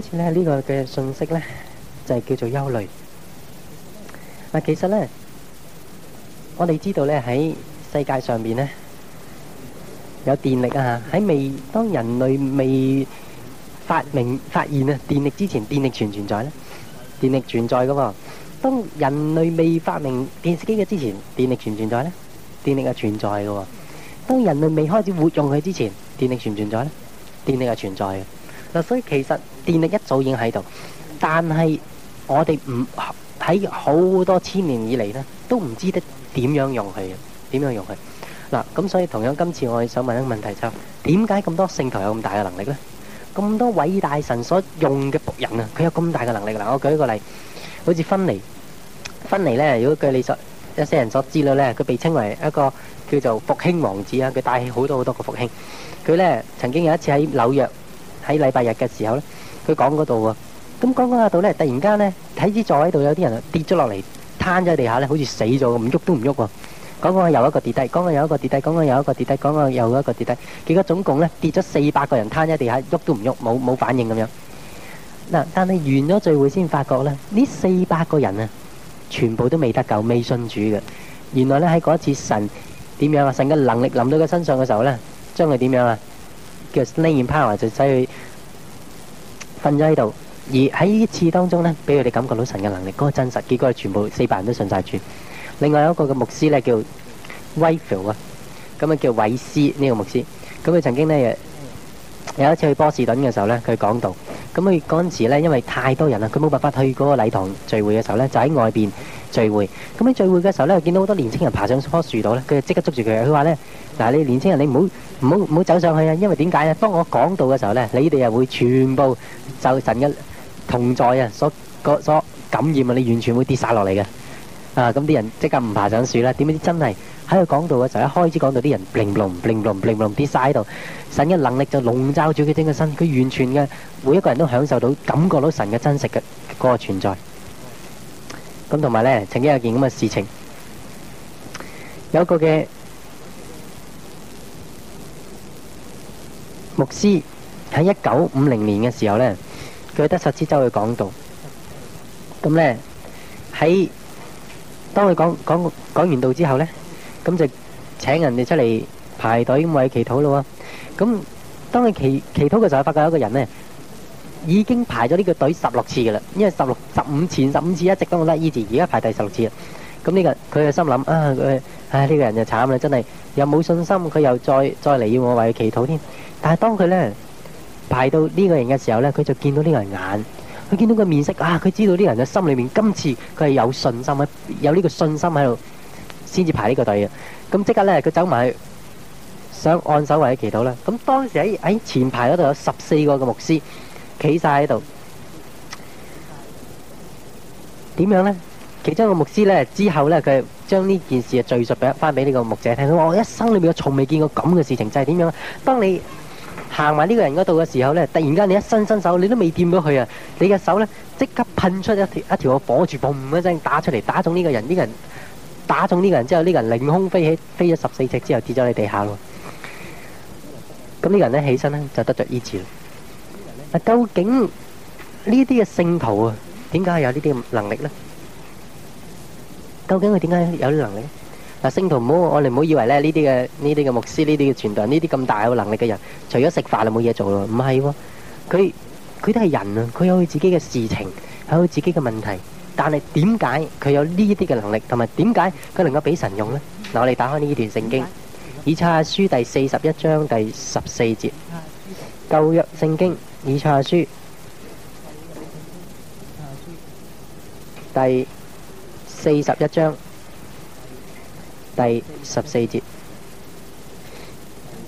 今次咧，呢個嘅信息咧，就係叫做憂慮。嗱，其實咧，我哋知道咧喺世界上面咧，有電力啊！喺未當人類未發明發現啊電力之前，電力存唔存在咧？電力存在噶。當人類未發明電視機嘅之前，電力存唔存在咧？電力係存在噶。當人類未開始活用佢之前，電力存唔存在咧？電力係存在嘅。嗱，所以其實電力一早已經喺度，但係我哋唔喺好多千年以嚟咧，都唔知得點樣用佢，點樣用佢嗱。咁所以同樣今次，我哋想問一個問題就係：點解咁多聖徒有咁大嘅能力咧？咁多偉大神所用嘅僕人啊，佢有咁大嘅能力嗱。我舉一個例，好似芬尼芬尼咧，如果據你所一些人所知啦咧，佢被稱為一個叫做復興王子啊，佢帶起好多好多個復興。佢咧曾經有一次喺紐約。喺禮拜日嘅時候咧，佢講嗰度啊，咁講講下度咧，突然間咧，喺啲座位度有啲人跌咗落嚟，攤咗喺地下咧，好似死咗，咁，喐都唔喐。講講下又一個跌低，講講又一個跌低，講講又一個跌低，講講又一個跌低。結果總共咧跌咗四百個人攤喺地下，喐都唔喐，冇冇反應咁樣。嗱，但係完咗聚會先發覺咧，呢四百個人啊，全部都未得救，未信主嘅。原來咧喺嗰次神點樣啊？神嘅能力臨到佢身上嘅時候咧，將佢點樣啊？叫 Leon Power 就使佢瞓咗喺度，而喺呢一次當中咧，俾佢哋感覺到神嘅能力，嗰個真實結果係全部四百人都信曬住。另外有一個嘅牧師咧叫 Weaver 啊，咁啊叫韋斯呢個牧師，咁佢曾經咧有有一次去波士頓嘅時候咧，佢講道，咁佢嗰陣時咧因為太多人啦，佢冇辦法去嗰個禮堂聚會嘅時候咧，就喺外邊，聚會，咁喺聚會嘅時候咧，見到好多年青人爬上棵樹度咧，佢就即刻捉住佢。佢話咧，嗱，你年青人，你唔好唔好唔好走上去啊！因為點解咧？當我講道嘅時候咧，你哋又會全部就神嘅同在啊，所個所感染啊，你完全會跌曬落嚟嘅。啊，咁啲人即刻唔爬上樹啦。點知真係喺佢講道嘅時候，一開始講道啲人，bling bling bling bling bling bling 跌曬喺度。神嘅能力就籠罩住佢整個身，佢完全嘅每一個人都享受到、感覺到神嘅真實嘅嗰個存在。咁同埋咧，曾經有件咁嘅事情，有一個嘅牧師喺一九五零年嘅時候咧，佢喺德薩斯州去講道。咁咧喺當佢講講講完道之後咧，咁就請人哋出嚟排隊咁為佢祈禱咯。咁當佢祈祈禱嘅時候，發覺有個人咧。已經排咗呢個隊十六次噶啦，因為十六十五次，十五次一直都我得二字，而家排第十六次啦。咁呢，這個佢啊心諗啊，佢唉，呢，這個人就慘啦，真係又冇信心，佢又再再嚟要我為佢祈禱添。但係當佢咧排到呢個人嘅時候咧，佢就見到呢個人眼，佢見到個面色啊，佢知道呢個人嘅心裏面今次佢係有信心，有呢個信心喺度，先至排個隊、呢個隊嘅。咁即刻咧，佢走埋去想按手為佢祈禱啦。咁當時喺喺前排嗰度有十四個嘅牧師。企晒喺度，點樣咧？其中一個牧師咧之後咧，佢將呢件事啊敘述俾翻俾呢個牧者聽。我一生裏面我從未見過咁嘅事情，就係點樣？當你行埋呢個人嗰度嘅時候咧，突然間你一伸伸手，你都未掂到佢啊！你嘅手咧即刻噴出一條一條火柱，嘣一聲打出嚟，打中呢個人。呢個人打中呢個人之後，呢個人凌空飛起，飛咗十四尺之後跌咗喺地下咯。咁呢個人咧起身咧就得着醫治。啊，究竟呢啲嘅聖徒啊，點解有呢啲能力咧？究竟佢點解有呢能力咧？啊，聖徒唔好，我哋唔好以為咧，呢啲嘅呢啲嘅牧師，呢啲嘅傳道，呢啲咁大有能力嘅人，除咗食飯就冇嘢做咯，唔係喎。佢佢都係人啊，佢有佢自己嘅事情，有佢自己嘅問題。但係點解佢有呢啲嘅能力，同埋點解佢能夠俾神用咧？嗱，我哋打開呢段聖經，以賽亞書第四十一章第十四節，舊約聖經。以賽亞書第四十一章第十四節，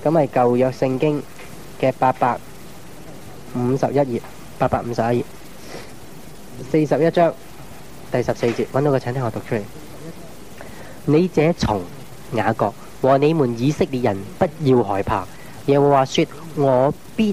咁係舊約聖經嘅八百五十一頁，八百五十一頁四十一章第十四節，揾到個請聽我讀出嚟。你這從雅各和你們以色列人不要害怕，耶和華說，我必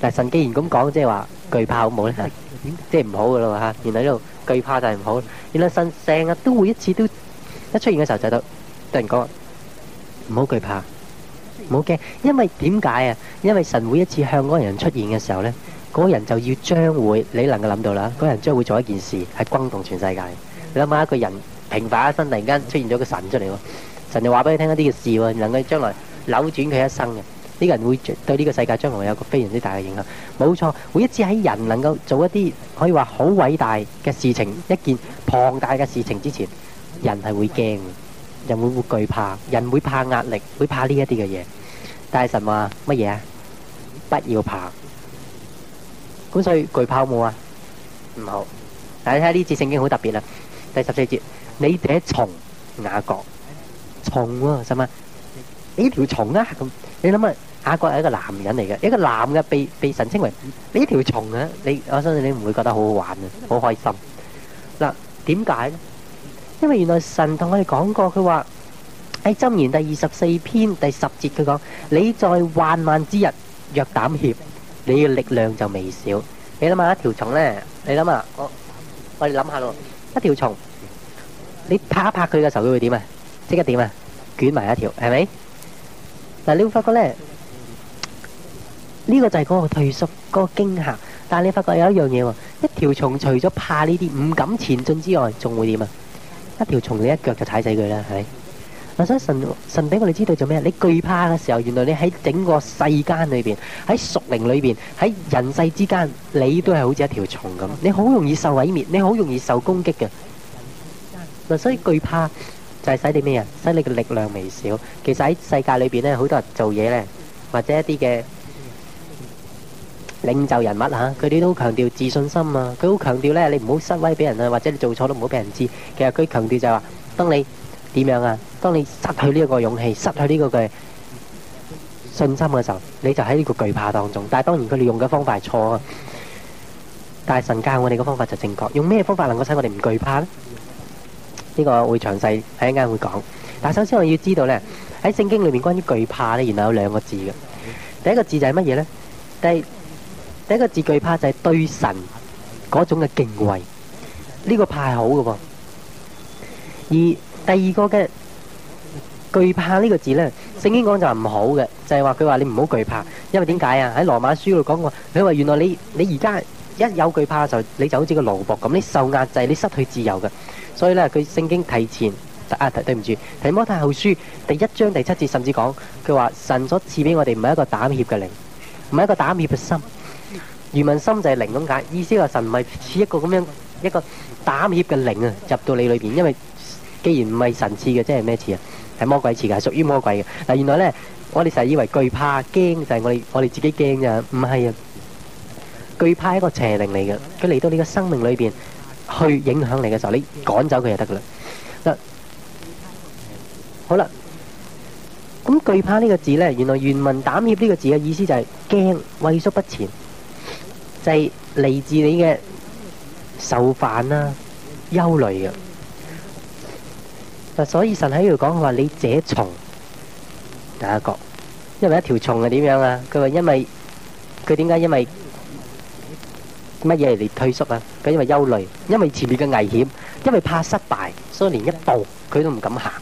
但係神既然咁講，即係話懼怕好唔好咧？即係唔好噶咯吓。原來呢度懼怕就係唔好。原來神成日都會一次都一出現嘅時候，就到突然講唔好懼怕，唔好驚。因為點解啊？因為神每一次向嗰個人出現嘅時候咧，嗰人就要將會你能夠諗到啦。嗰人將會做一件事，係轟動全世界。你諗下一個人平凡一生，突然間出現咗個神出嚟喎，神就話俾你聽一啲嘅事喎，能夠將來扭轉佢一生嘅。呢個人會對呢個世界將來有個非常之大嘅影響，冇錯。每一次喺人能夠做一啲可以話好偉大嘅事情，一件龐大嘅事情之前，人係會驚，人會會懼怕，人會怕壓力，會怕呢一啲嘅嘢。但係神話乜嘢啊？不要怕。咁所以懼怕冇啊。唔好。但係睇下呢次聖經好特別啦。第十四節，你這蟲雅各，蟲喎神啊，你條蟲啊咁？你諗下？雅各係一個男人嚟嘅，一個男嘅被被神稱為呢條蟲啊！你我相信你唔會覺得好好玩啊，好開心。嗱，點解咧？因為原來神同我哋講過，佢話喺《箴言》第二十四篇第十節，佢講：你在患難之日，若膽怯，你嘅力量就微少。你諗下一條蟲咧，你諗下，我我哋諗下咯，一條蟲，你拍一拍佢嘅時候，佢會點啊？即刻點啊？捲埋一條，係咪？嗱，你會發覺咧。呢個就係嗰個退縮，嗰個驚嚇。但係你發覺有一樣嘢喎，一條蟲除咗怕呢啲唔敢前進之外，仲會點啊？一條蟲你一腳就踩死佢啦，係咪？嗱，所以神神俾我哋知道做咩？你懼怕嘅時候，原來你喺整個世間裏邊，喺屬靈裏邊，喺人世之間，你都係好似一條蟲咁。你好容易受毀滅，你好容易受攻擊嘅。嗱，所以懼怕就係使你咩啊？使你嘅力量微小。其實喺世界裏邊咧，好多人做嘢咧，或者一啲嘅。領袖人物嚇，佢哋都強調自信心啊，佢好強調咧，你唔好失威俾人啊，或者你做錯都唔好俾人知。其實佢強調就係話，當你點樣啊？當你失去呢個勇氣、失去呢個嘅信心嘅時候，你就喺呢個懼怕當中。但係當然佢哋用嘅方法係錯啊，但係神教我哋嘅方法就正確。用咩方法能夠使我哋唔懼怕呢？呢個會詳細喺一間會講。但係首先我要知道咧，喺聖經裏面關於懼怕咧，原來有兩個字嘅。第一個字就係乜嘢咧？第第一個字懼怕就係對神嗰種嘅敬畏，呢個怕係好嘅。而第二個嘅懼怕呢個字咧，聖經講就係唔好嘅，就係話佢話你唔好懼怕，因為點解啊？喺羅馬書度講過，佢話原來你你而家一有懼怕就你就好似個奴僕咁，你受壓制，你失去自由嘅。所以咧，佢聖經提前啊，對唔住，提摩太後書第一章第七節甚至講佢話神所賜俾我哋唔係一個膽怯嘅靈，唔係一個膽怯嘅心。原文心就係靈咁解，意思話神唔係似一個咁樣一個膽怯嘅靈啊，入到你裏邊。因為既然唔係神似嘅，即係咩似啊？係魔鬼似嘅，係屬於魔鬼嘅。嗱，原來咧，我哋成日以為懼怕、驚就係我哋我哋自己驚咋，唔係啊！懼怕係一個邪靈嚟嘅，佢嚟到你嘅生命裏邊去影響你嘅時候，你趕走佢就得噶啦。嗱，好啦。咁懼怕呢個字咧，原來原文膽怯呢個字嘅意思就係驚畏縮不前。就係嚟自你嘅愁煩啦、憂慮嘅。嗱，所以神喺度講佢話你這蟲，第一個，因為一條蟲係點樣啊？佢話因為佢點解因為乜嘢嚟退縮啊？佢因為憂慮，因為前面嘅危險，因為怕失敗，所以連一步佢都唔敢行。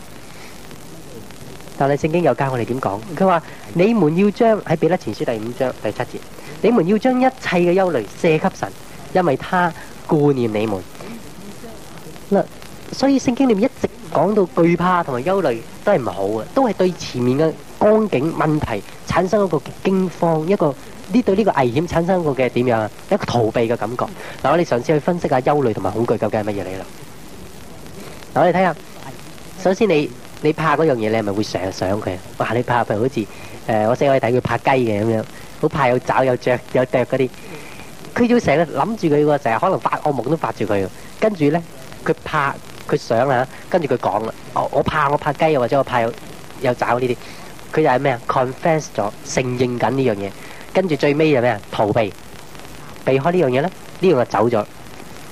但係聖經又教我哋點講？佢話你們要將喺彼得前書第五章第七節。你們要將一切嘅憂慮卸給神，因為他顧念你們。嗱，所以聖經裏面一直講到懼怕同埋憂慮都係唔好嘅，都係對前面嘅光景問題產生一個驚慌，一個呢對呢個危險產生一個嘅點樣啊，一個逃避嘅感覺。嗱，我哋嘗試去分析下憂慮同埋恐懼究竟係乜嘢嚟喇。嗱，我哋睇下，首先你你怕嗰樣嘢，你係咪會想想佢？哇，你怕譬如好似誒，我細個去睇佢怕雞嘅咁樣。好怕有爪有著有啄嗰啲，佢要成日諗住佢喎，成日可能發惡夢都發住佢喎。跟住咧，佢怕佢想啦嚇，跟住佢講啦，我我怕我怕雞，又或者我怕有有爪呢啲。佢就係咩啊？Confess 咗承認緊呢樣嘢，跟住最尾係咩啊？逃避，避開呢樣嘢咧，呢樣就走咗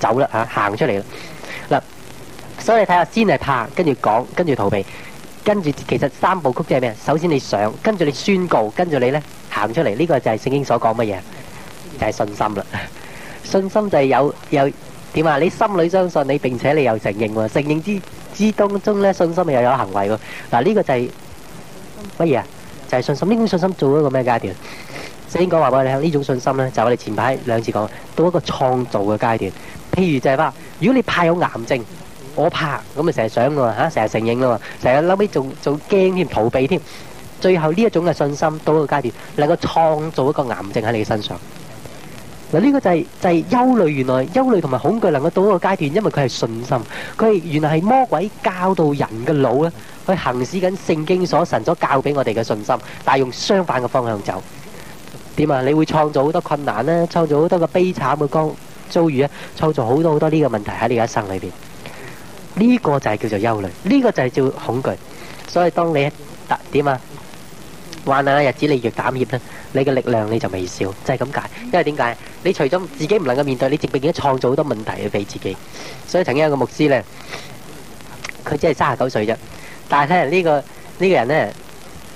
走啦嚇，行出嚟啦嗱。所以你睇下先係怕，跟住講，跟住逃避，跟住其實三部曲即係咩啊？首先你想，跟住你宣告，跟住你咧。行出嚟，呢個就係聖經所講乜嘢？就係信心啦。信心就係有有點啊？你心裏相信你，並且你又承認喎。承認之之當中咧，信心又有行為喎。嗱呢個就係乜嘢啊？就係信心呢種信心做咗個咩階段？聖經講話俾你聽呢種信心咧，就係我哋前排兩次講到一個創造嘅階段。譬如就係話，如果你怕有癌症，我怕咁咪成日想咯，吓成日承認咯，成日後尾仲仲驚添逃避添。最後呢一種嘅信心到一個階段，能夠創造一個癌症喺你嘅身上。嗱，呢個就係就係憂慮，原來憂慮同埋恐懼能夠到一個階段，因為佢係信心，佢原來係魔鬼教導人嘅腦啊，去行使緊聖經所神所教俾我哋嘅信心，但係用相反嘅方向走。點啊？你會創造好多困難啦，創造好多嘅悲慘嘅遭遭遇啊，創造好多好多呢個問題喺你嘅一生裏邊。呢個就係叫做憂慮，呢個就係叫恐懼。所以當你，點啊？患難日子，你越膽怯咧，你嘅力量你就微小，就係咁解。因為點解？你除咗自己唔能夠面對，你直情已經創造好多問題俾自己。所以曾經有個牧師咧，佢只係三十九歲啫，但係咧呢個呢個人咧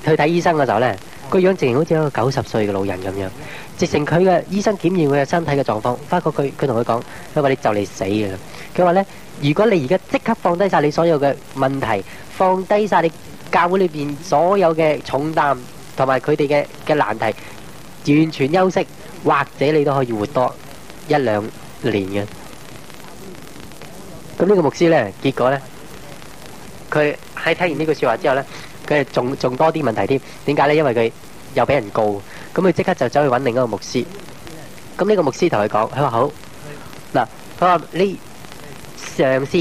去睇醫生嘅時候咧，個樣竟然好似一個九十歲嘅老人咁樣。直情佢嘅醫生檢驗佢嘅身體嘅狀況，發覺佢佢同佢講：佢話你就嚟死嘅啦。佢話咧，如果你而家即刻放低晒你所有嘅問題，放低晒你教會裏邊所有嘅重擔。同埋佢哋嘅嘅難題，完全休息，或者你都可以活多一兩年嘅。咁呢個牧師咧，結果咧，佢喺聽完呢句説話之後咧，佢仲仲多啲問題添。點解咧？因為佢又俾人告，咁佢即刻就走去揾另一個牧師。咁呢個牧師同佢講，佢話好嗱，佢話你上司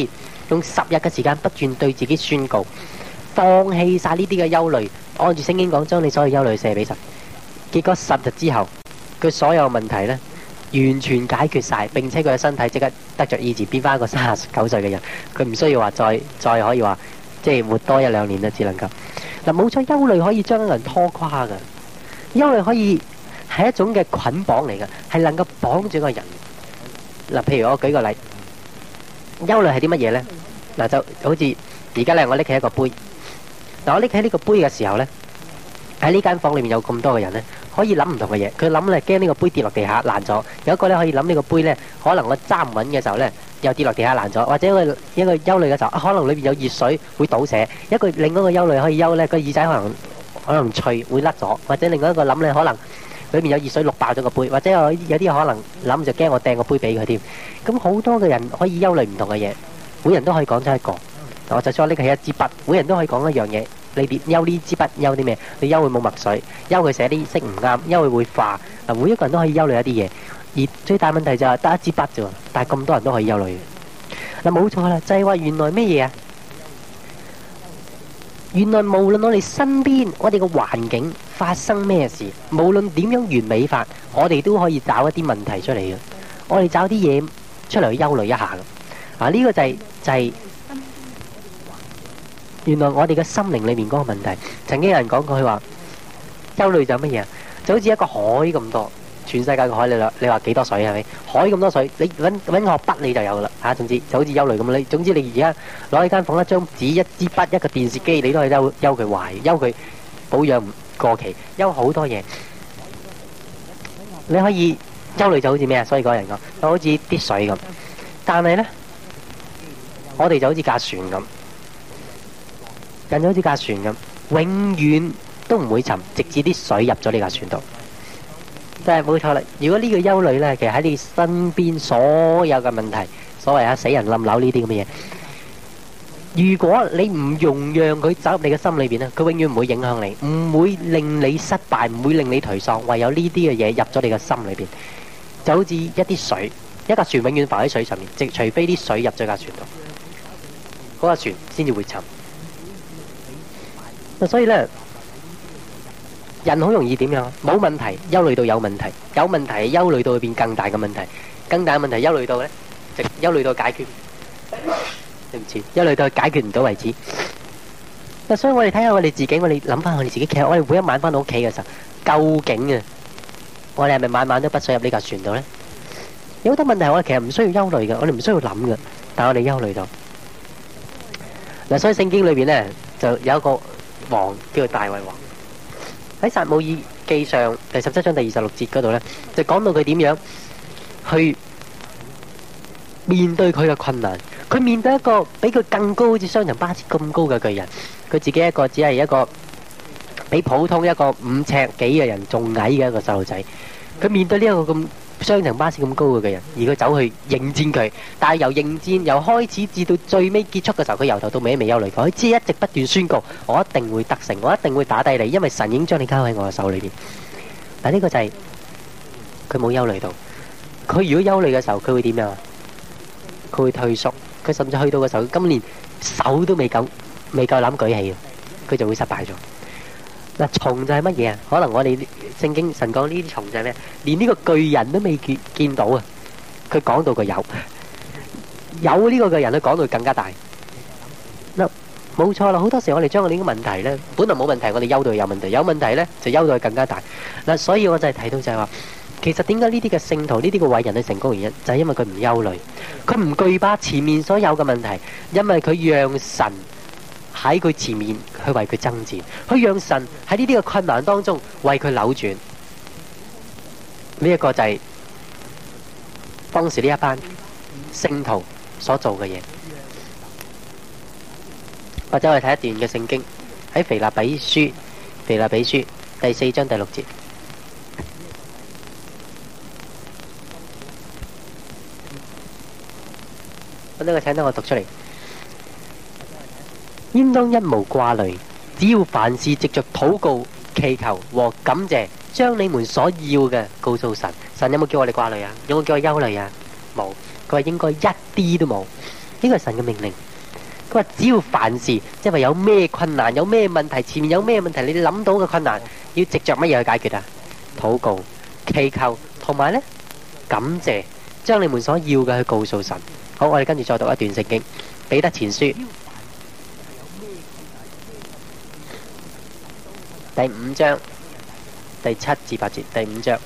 用十日嘅時間不斷對自己宣告，放棄晒呢啲嘅憂慮。按住聖經講，將你所有憂慮卸俾神。結果十日之後，佢所有問題咧完全解決晒，並且佢嘅身體即刻得着醫治，變翻一個三十九歲嘅人。佢唔需要話再再可以話即係活多一兩年啦，只能夠嗱，冇錯，憂慮可以將人拖垮噶，憂慮可以係一種嘅捆綁嚟噶，係能夠綁住一個人。嗱，譬如我舉個例，憂慮係啲乜嘢咧？嗱，就好似而家咧，我拎起一個杯。嗱，我拎起呢個杯嘅時候咧，喺呢間房裏面有咁多嘅人咧，可以諗唔同嘅嘢。佢諗咧驚呢個杯跌落地下爛咗，有一個咧可以諗呢個杯咧，可能我揸唔穩嘅時候咧，又跌落地下爛咗，或者佢一個憂慮嘅時候，可能裏面有熱水會倒瀉。一個另外一個憂慮可以憂咧，個耳仔可能可能脆會甩咗，或者另外一個諗咧可能裏面有熱水淥爆咗個杯，或者有有啲可能諗就驚我掟個杯俾佢添。咁好多嘅人可以憂慮唔同嘅嘢，每人都可以講出一個。我就再搦起一支筆，每人都可以講一樣嘢。你哋憂呢支筆憂啲咩？你憂佢冇墨水，憂佢寫啲色唔啱，憂佢會化。嗱，每一個人都可以憂慮一啲嘢。而最大問題就係得一支筆啫，但係咁多人都可以憂慮。嗱，冇錯啦，就係話原來咩嘢啊？原來無論我哋身邊、我哋嘅環境發生咩事，無論點樣完美化，我哋都可以找一啲問題出嚟嘅。我哋找啲嘢出嚟去憂慮一下。嗱，呢個就係就係。原來我哋嘅心靈裏面嗰個問題，曾經有人講過，佢話憂慮就係乜嘢啊？就好似一個海咁多，全世界嘅海你你話幾多水係咪？海咁多水，你搵搵個筆你就有啦吓。總之就好似憂慮咁，你總之你而家攞呢間房一張紙一支筆一個電視機，你都係憂憂佢壞，憂佢保養過期，憂好多嘢。你可以憂慮就好似咩啊？所以嗰個人講，就好似啲水咁，但係咧，我哋就好似架船咁。跟住好似架船咁，永遠都唔會沉，直至啲水入咗呢架船度。真係冇錯啦。如果呢個憂慮咧，其實喺你身邊所有嘅問題，所謂啊死人冧樓呢啲咁嘅嘢，如果你唔容讓佢走入你嘅心裏邊咧，佢永遠唔會影響你，唔會令你失敗，唔會令你頹喪。唯有呢啲嘅嘢入咗你嘅心裏邊，就好似一啲水，一架船永遠浮喺水上面，直除非啲水入咗架船度，嗰架船先至會沉。所以咧，人好容易點樣？冇問題，憂慮到有問題；有問題，憂慮到變更大嘅問題；更大嘅問題，憂慮到咧，就憂慮到解決。對唔住，憂慮到解決唔到為止。嗱，所以我哋睇下我哋自己，我哋諗翻我哋自己。其實我哋每一晚翻到屋企嘅時候，究竟啊，我哋係咪晚晚都不想入呢架船度咧？有好多問題，我哋其實唔需要憂慮嘅，我哋唔需要諗嘅，但我哋憂慮到。嗱，所以聖經裏邊咧，就有一個。王叫做、這個、大衛王，喺撒母耳記上第十七章第二十六節嗰度呢，就講到佢點樣去面對佢嘅困難。佢面對一個比佢更高，好似雙人巴士咁高嘅巨人，佢自己一個只係一個比普通一個五尺幾嘅人仲矮嘅一個細路仔。佢面對呢一個咁。雙層巴士咁高嘅人，而佢走去迎戰佢，但係由迎戰由開始至到最尾結束嘅時候，佢由頭到尾都未憂慮過，佢只係一直不斷宣告：我一定會得勝，我一定會打低你，因為神已經將你交喺我嘅手裏邊。但係呢個就係佢冇憂慮到，佢如果憂慮嘅時候，佢會點樣啊？佢會退縮，佢甚至去到嘅時候，今連手都未夠，未夠諗舉起，佢就會失敗咗。嗱，蟲就係乜嘢啊？可能我哋聖經神講呢啲蟲就係咩？連呢個巨人都未見見到啊！佢講到佢有，有呢個嘅人佢講到更加大。嗱，冇錯啦，好多時我哋將我呢個問題咧，本來冇問題，我哋憂慮有問題，有問題咧就憂慮更加大。嗱，所以我就係提到就係話，其實點解呢啲嘅聖徒，呢啲嘅偉人佢成功嘅原因，就係因為佢唔憂慮，佢唔懼怕前面所有嘅問題，因為佢讓神。喺佢前面去為佢爭戰，去讓神喺呢啲嘅困難當中為佢扭轉。呢一個就係當時呢一班聖徒所做嘅嘢。或者我哋睇一段嘅聖經喺腓立比書，腓立比書第四章第六節。我呢個請等我讀出嚟。應當一無掛慮，只要凡事藉着禱告、祈求和感謝，將你們所要嘅告訴神。神有冇叫我哋掛慮啊？有冇叫我憂慮啊？冇。佢話應該一啲都冇。呢個係神嘅命令。佢話只要凡事，即係話有咩困難，有咩問題，前面有咩問題，你諗到嘅困難，要藉着乜嘢去解決啊？禱告、祈求，同埋呢感謝，將你們所要嘅去告訴神。好，我哋跟住再讀一段聖經，《彼得前書》。第五章第七至八節，第五章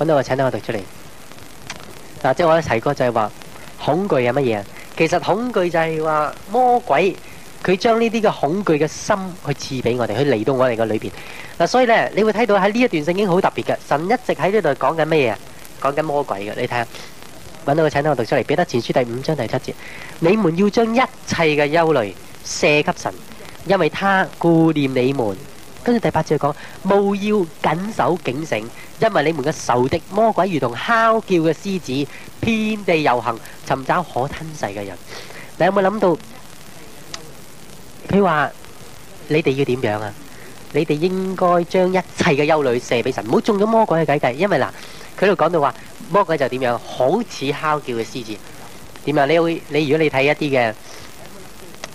揾到我，請等我讀出嚟。嗱，即係我一提過就係話，恐懼係乜嘢啊？其實恐懼就係話魔鬼佢將呢啲嘅恐懼嘅心去賜俾我哋，去嚟到我哋嘅裏邊。嗱，所以咧你會睇到喺呢一段聖經好特別嘅，神一直喺呢度講緊乜嘢？講緊魔鬼嘅，你睇下，搵到個請單我讀出嚟，《彼得前書》第五章第七節：你們要將一切嘅憂慮卸給神，因為他顧念你們。跟住第八節講，務要謹守警醒，因為你們嘅仇敵魔鬼如同哮叫嘅獅子，遍地遊行，尋找可吞噬嘅人。你有冇諗到？佢話你哋要點樣啊？你哋應該將一切嘅憂慮卸俾神，唔好中咗魔鬼嘅計計。因為嗱。佢度講到話，魔鬼就點樣？好似哮叫嘅獅子，點啊？你會你如果你睇一啲嘅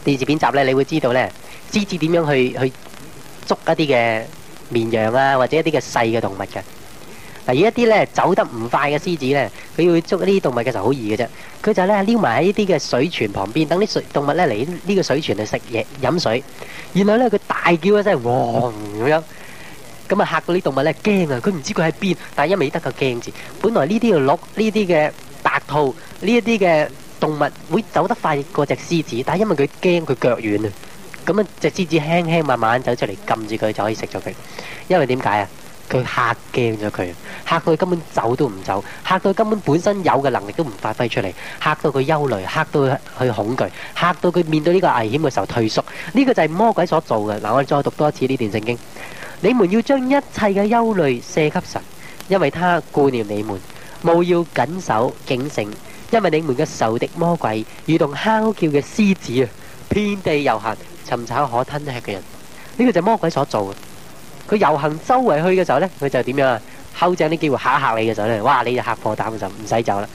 電視片集咧，你會知道咧，獅子點樣去去捉一啲嘅綿羊啊，或者一啲嘅細嘅動物嘅。嗱，而一啲咧走得唔快嘅獅子咧，佢要捉一啲動物嘅時候好易嘅啫。佢就咧撩埋喺一啲嘅水泉旁邊，等啲水動物咧嚟呢個水泉去食嘢飲水，然後咧佢大叫一聲，嘩咁樣。咁啊吓到啲動物咧驚啊！佢唔知佢喺邊，但係因為得個驚字。本來呢啲鹿、呢啲嘅白兔、呢一啲嘅動物會走得快過隻獅子，但係因為佢驚，佢腳軟啊。咁啊，隻獅子輕輕慢慢走出嚟，撳住佢就可以食咗佢。因為點解啊？佢吓驚咗佢，吓到佢根本走都唔走，吓到佢根本本身有嘅能力都唔發揮出嚟，吓到佢憂慮，吓到佢恐懼，吓到佢面對呢個危險嘅時候退縮。呢個就係魔鬼所做嘅。嗱，我哋再讀多一次呢段聖經。你們要將一切嘅憂慮卸給神，因為他顧念你們，務要謹守警醒，因為你們嘅仇敵魔鬼如同吼叫嘅獅子啊，遍地遊行，尋找可吞吃嘅人。呢個就係魔鬼所做嘅。佢遊行周圍去嘅時候咧，佢就點樣？吼！正啲機會吓一吓你嘅時候咧，哇！你就吓破膽嘅時候唔使走啦。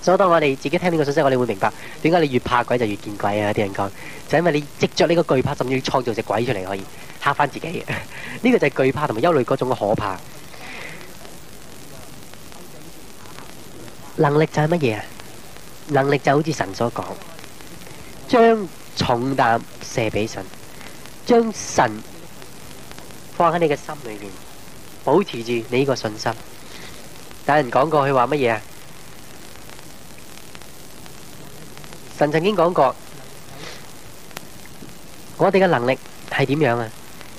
所以當我哋自己聽呢個信息，我哋會明白，點解你越怕鬼就越見鬼啊！啲人講就因為你執着呢個懼怕，甚至創造隻鬼出嚟可以。嚇翻自己，呢個就係懼怕同埋憂慮嗰種嘅可怕。能力就係乜嘢啊？能力就好似神所講，將重擔卸俾神，將神放喺你嘅心裏邊，保持住你呢個信心。有人講過佢話乜嘢啊？神曾經講過，我哋嘅能力係點樣啊？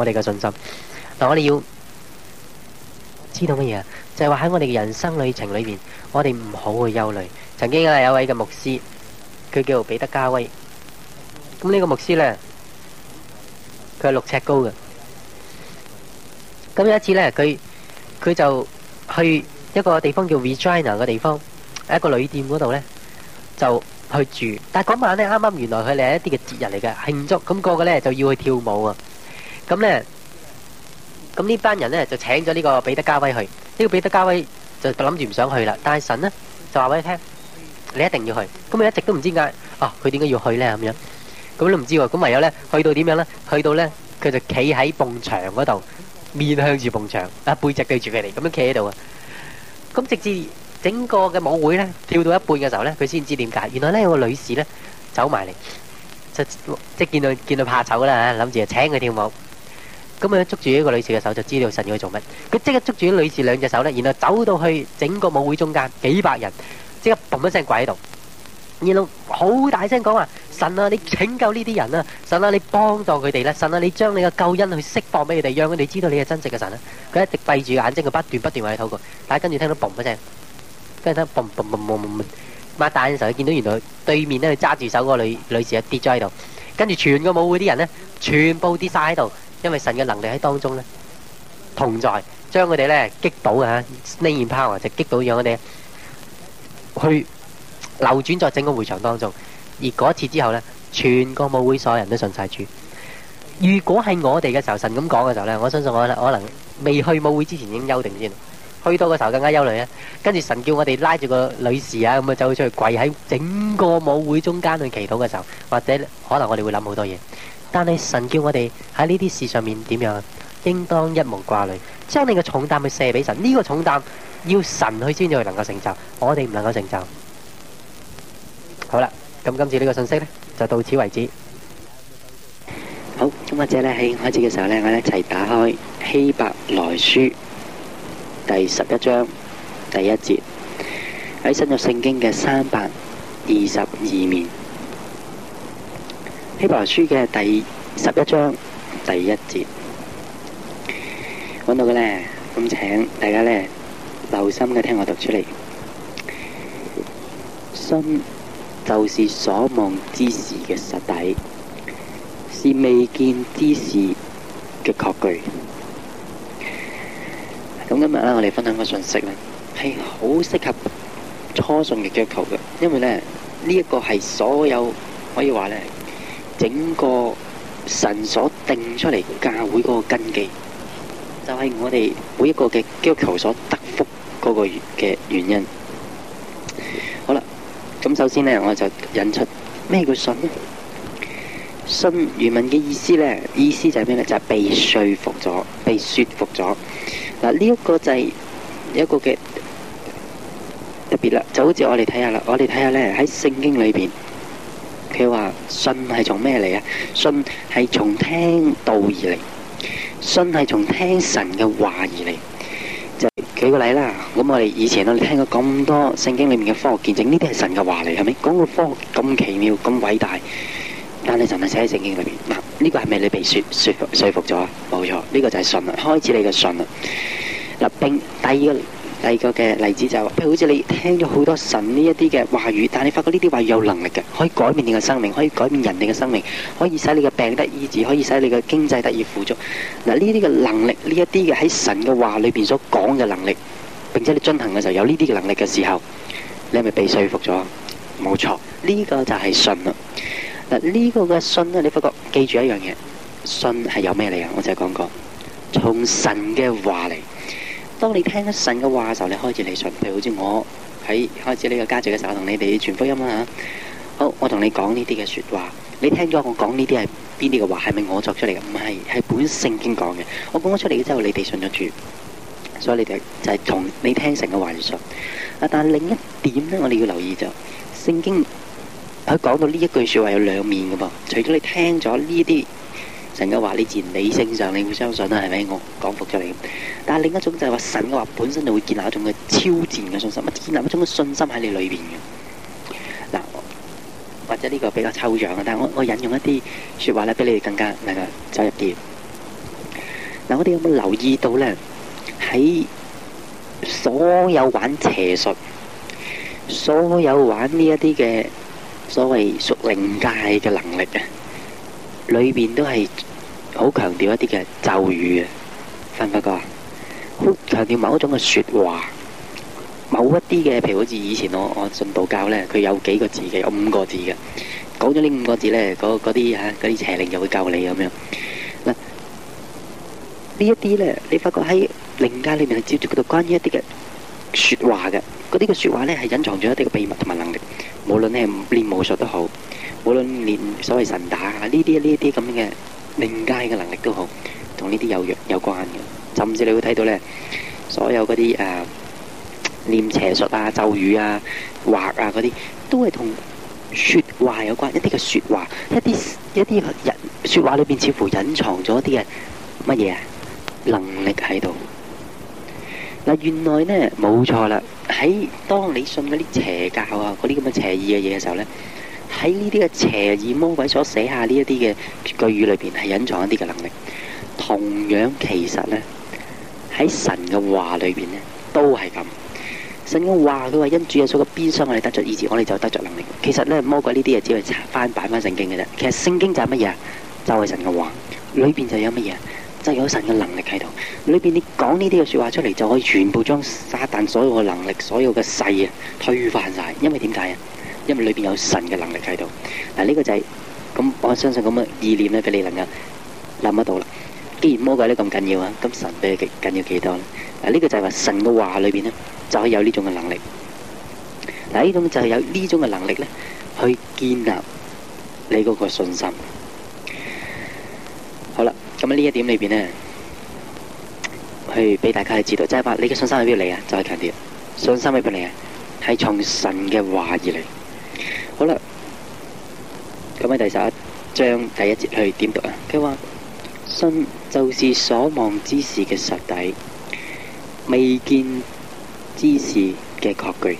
我哋嘅信心。嗱，我哋要知道乜嘢啊？就係話喺我哋嘅人生旅程裏邊，我哋唔好去憂慮。曾經啊，有位嘅牧師，佢叫彼得加威。咁呢個牧師咧，佢係六尺高嘅。咁有一次咧，佢佢就去一個地方叫 Regina 嘅地方，喺一個旅店嗰度咧就去住。但係嗰晚咧，啱啱原來佢哋係一啲嘅節日嚟嘅慶祝，咁個個咧就要去跳舞啊。咁咧，咁呢班人咧就請咗呢個彼得加威去，呢個彼得加威就諗住唔想去啦。但係神咧就話俾佢聽，你一定要去。咁佢一直都唔知點解，啊，佢點解要去咧咁樣？咁都唔知。咁唯有咧，去到點樣咧？去到咧，佢就企喺埲牆嗰度，面向住埲牆，啊，背脊對住佢哋，咁樣企喺度啊。咁直至整個嘅舞會咧，跳到一半嘅時候咧，佢先知點解。原來咧有個女士咧走埋嚟，即即見到見到怕醜啦，啊，諗住啊請佢跳舞。咁樣，捉住呢個女士嘅手，就知道神要佢做乜。佢即刻捉住啲女士兩隻手咧，然後走到去整個舞會中間，幾百人即刻嘣一聲跪喺度，然後好大聲講話：神啊！你拯救呢啲人啊！神啊！你幫助佢哋咧！神啊！你將你嘅救恩去釋放俾佢哋，讓佢哋知道你係真實嘅神啊！佢一直閉住眼睛，佢不斷不斷為佢禱告，但係跟住聽到嘣一聲，跟住聽到嘣嘣嘣嘣嘣嘣，擘大眼嘅時候，佢見到原來對面咧，佢揸住手嗰個女女士啊跌咗喺度，跟住全個舞會啲人咧全部跌曬喺度。因為神嘅能力喺當中咧，同在將佢哋咧擊倒嘅吓，扔煙炮啊，就擊倒咗我哋去流轉在整個會場當中。而嗰一次之後咧，全個舞會所有人都信曬主。如果係我哋嘅時候，神咁講嘅時候咧，我相信我可能未去舞會之前已經憂定先。去到嘅時候更加憂慮啊！跟住神叫我哋拉住個女士啊，咁啊走去出去跪喺整個舞會中間去祈禱嘅時候，或者可能我哋會諗好多嘢。但係神叫我哋喺呢啲事上面點樣？應當一無掛慮，將你嘅重擔去卸俾神。呢、這個重擔要神去先至能夠成就，我哋唔能夠成就。好啦，咁今次呢個信息呢，就到此為止。好，眾位者呢，喺開始嘅時候呢，我哋一齊打開希伯來書第十一章第一節，喺新約聖經嘅三百二十二面。《希伯來書》嘅第十一章第一節，揾到嘅咧，咁請大家咧留心嘅聽我讀出嚟。心，就是所望之事嘅實底，是未見之事嘅確據。咁今日咧，我哋分享個信息咧，係好適合初信嘅腳步嘅，因為咧呢一個係所有可以話咧。整個神所定出嚟教會嗰個根基，就係我哋每一個嘅基督徒所得福嗰個嘅原因。好啦，咁首先呢，我就引出咩叫信呢？信原文嘅意思呢，意思就係咩呢？就係被說服咗，被說服咗。嗱，呢一個就係一個嘅特別啦，就好似我哋睇下啦，我哋睇下呢，喺聖經裏邊。佢話信係從咩嚟啊？信係從聽道而嚟，信係從聽神嘅話而嚟。就舉個例啦，咁我哋以前我哋聽過咁多聖經裡面嘅科學見證，呢啲係神嘅話嚟，係咪？講個科學咁奇妙咁偉大，但係神係寫喺聖經裡邊。嗱，呢個係咪你被說說服說服咗啊？冇錯，呢、這個就係信啦，開始你嘅信啦。立兵第二個。第二個嘅例子就係、話，譬如好似你聽咗好多神呢一啲嘅話語，但係你發覺呢啲話語有能力嘅，可以改變你嘅生命，可以改變人哋嘅生命，可以使你嘅病得醫治，可以使你嘅經濟得以富足。嗱，呢啲嘅能力，呢一啲嘅喺神嘅話裏邊所講嘅能力，並且你進行嘅時候有呢啲嘅能力嘅時候，你係咪被說服咗啊？冇錯，呢、呢個就係信啦。嗱，呢個、呢個嘅信咧，你發覺記住一樣嘢，信係有咩嚟噶我就係講過，從神嘅話嚟。當你聽得神嘅話嘅時候，你開始嚟信譬如好似我喺開始呢個家族嘅時候，同你哋傳福音啊。好，我同你講呢啲嘅說話，你聽咗我講呢啲係邊啲嘅話，係咪我作出嚟嘅？唔係，係本聖經講嘅。我講咗出嚟之後，你哋信咗主，所以你哋就係從你聽神嘅話嚟信。啊，但係另一點咧，我哋要留意就是，聖經佢講到呢一句說話有兩面嘅噃，除咗你聽咗呢啲。人家話你自然理性上，你會相信啦，係咪？我講服咗你。但係另一種就係話神嘅話，本身就會建立一種嘅超自然嘅信心，建立一種嘅信心喺你裏邊嘅。嗱，或者呢個比較抽象嘅，但係我我引用一啲説話咧，俾你哋更加能夠走入啲。嗱，我哋有冇留意到咧？喺所有玩邪術、所有玩呢一啲嘅所謂屬靈界嘅能力啊，裏邊都係。好強調一啲嘅咒語嘅，有冇發覺啊？好強調某一種嘅說話，某一啲嘅，譬如好似以前我我信道教咧，佢有幾個字嘅，有五個字嘅，講咗呢五個字咧，嗰啲吓啲邪靈就會救你咁樣。嗱，呢一啲咧，你發覺喺靈界裏面，係接觸到關於一啲嘅說話嘅，嗰啲嘅說話咧係隱藏住一啲嘅秘密同埋能力。無論你係練武術都好，無論練所謂神打啊呢啲呢啲咁嘅。靈界嘅能力都好，同呢啲有約有關嘅，甚至你會睇到咧，所有嗰啲誒念邪術啊、咒語啊、畫啊嗰啲，都係同説話有關，一啲嘅説話，一啲一啲人説話裏邊似乎隱藏咗一啲乜嘢啊？能力喺度。嗱，原來咧冇錯啦，喺當你信嗰啲邪教啊、嗰啲咁嘅邪異嘅嘢嘅時候咧。喺呢啲嘅邪異魔鬼所寫下呢一啲嘅句語裏邊，係隱藏一啲嘅能力。同樣，其實呢，喺神嘅話裏邊呢，都係咁。聖經話：佢話因主耶穌嘅鞭傷，我哋得着醫治，我哋就得着能力。其實呢，魔鬼呢啲嘢只係翻版翻聖經嘅啫。其實聖經就係乜嘢？就係神嘅話，裏邊就有乜嘢？就係有神嘅能力喺度。裏邊你講呢啲嘅說話出嚟，就可以全部將撒旦所有嘅能力、所有嘅勢啊推翻晒。因為點解啊？因為裏邊有神嘅能力喺度，嗱呢個就係咁，我相信咁嘅意念咧，俾你能啊，諗得到啦。既然魔鬼咧咁緊要啊，咁神俾佢緊要幾多咧？嗱呢個就係話神嘅話裏邊咧，就可以有呢種嘅能力。嗱呢種就係有呢種嘅能力咧，去建立你嗰個信心。好啦，咁喺呢一點裏邊咧，去俾大家去知道，即係話你嘅信心喺邊度嚟啊？再強調，信心喺邊嚟啊？係從神嘅話而嚟。好啦，咁喺第十一章第一節去點讀啊？佢話信就是所望之事嘅實底，未見之事嘅確據。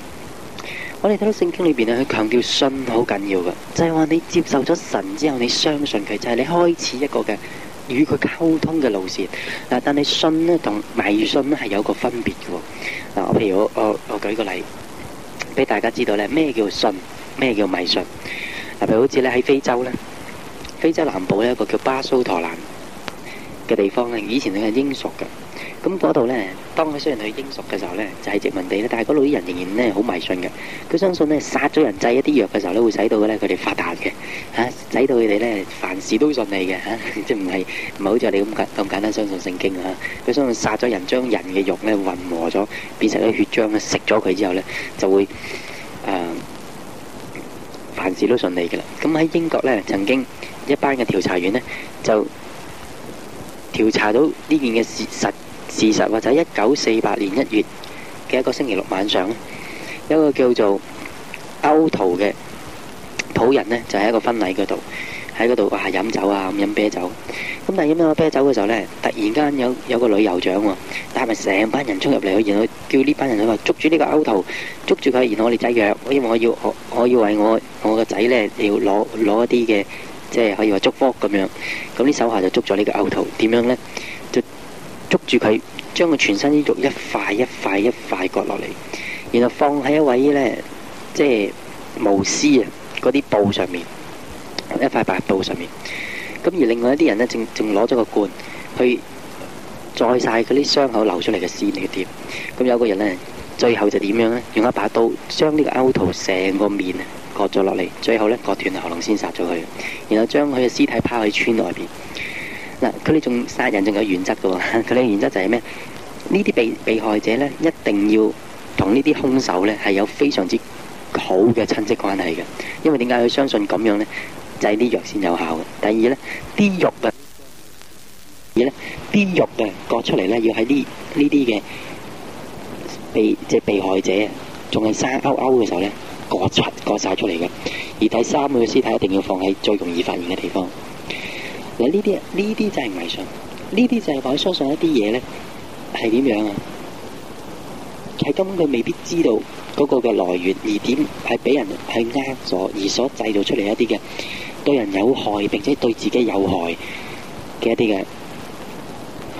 我哋睇到聖經裏邊咧，佢強調信好緊要嘅，就係話你接受咗神之後，你相信佢，就係你開始一個嘅與佢溝通嘅路線。嗱，但係信咧同迷信咧係有個分別嘅。嗱，譬如我我，我舉個例俾大家知道咧，咩叫信？咩叫迷信？譬如好似咧喺非洲咧，非洲南部咧一個叫巴蘇陀蘭嘅地方嘅，以前佢係英屬嘅。咁嗰度咧，當佢雖然去英屬嘅時候咧，就係殖民地啦。但係嗰度啲人仍然咧好迷信嘅。佢相信咧殺咗人製一啲藥嘅時候咧會使到嘅佢哋發達嘅吓，使到佢哋咧凡事都順利嘅吓，即唔係唔係好似你咁簡咁簡單相信聖經啊？佢相信殺咗人將人嘅肉咧混和咗，變成咗血漿咧食咗佢之後咧就會誒。呃凡事都順利嘅啦。咁喺英國咧，曾經一班嘅調查員呢，就調查到呢件嘅事實事實，或者一九四八年一月嘅一個星期六晚上，有個叫做歐圖嘅僕人呢，就喺一個婚禮嗰度。喺嗰度啊，飲酒啊，咁飲啤酒。咁但係飲咗啤酒嘅時候咧，突然間有有個女酋長喎，帶埋成班人衝入嚟，然後叫呢班人佢話捉住呢個勾頭，捉住佢。然後我哋仔約，因為我要我，我要為我我個仔咧要攞攞一啲嘅，即係可以話祝福咁樣。咁啲手下就捉咗呢個勾頭，點樣咧就捉住佢，將佢全身衣著一塊一塊一塊割落嚟，然後放喺一位咧即係巫師啊嗰啲布上面。一塊白布上面，咁而另外一啲人呢，正正攞咗個罐去載晒嗰啲傷口流出嚟嘅鮮血點。咁有個人呢，最後就點樣呢？用一把刀將呢個 o u t 成個面割咗落嚟，最後呢，割斷喉嚨先殺咗佢，然後將佢嘅屍體拋喺村外邊。嗱，佢哋仲殺人仲有原則㗎，佢哋原則就係咩？呢啲被被害者呢，一定要同呢啲兇手呢係有非常之好嘅親戚關係嘅，因為點解佢相信咁樣呢？製啲藥先有效嘅。第二咧，啲肉啊，而咧啲肉啊割出嚟，咧要喺啲呢啲嘅被即係、就是、被害者仲係生勾勾嘅時候咧，割出割晒出嚟嘅。而第三，個屍體一定要放喺最容易發現嘅地方。嗱，呢啲呢啲就係迷信，呢啲就係話相信一啲嘢咧係點樣啊？係根本佢未必知道嗰個嘅來源，而點係俾人係呃咗，而所製造出嚟一啲嘅。對人有害，並且對自己有害嘅一啲嘅，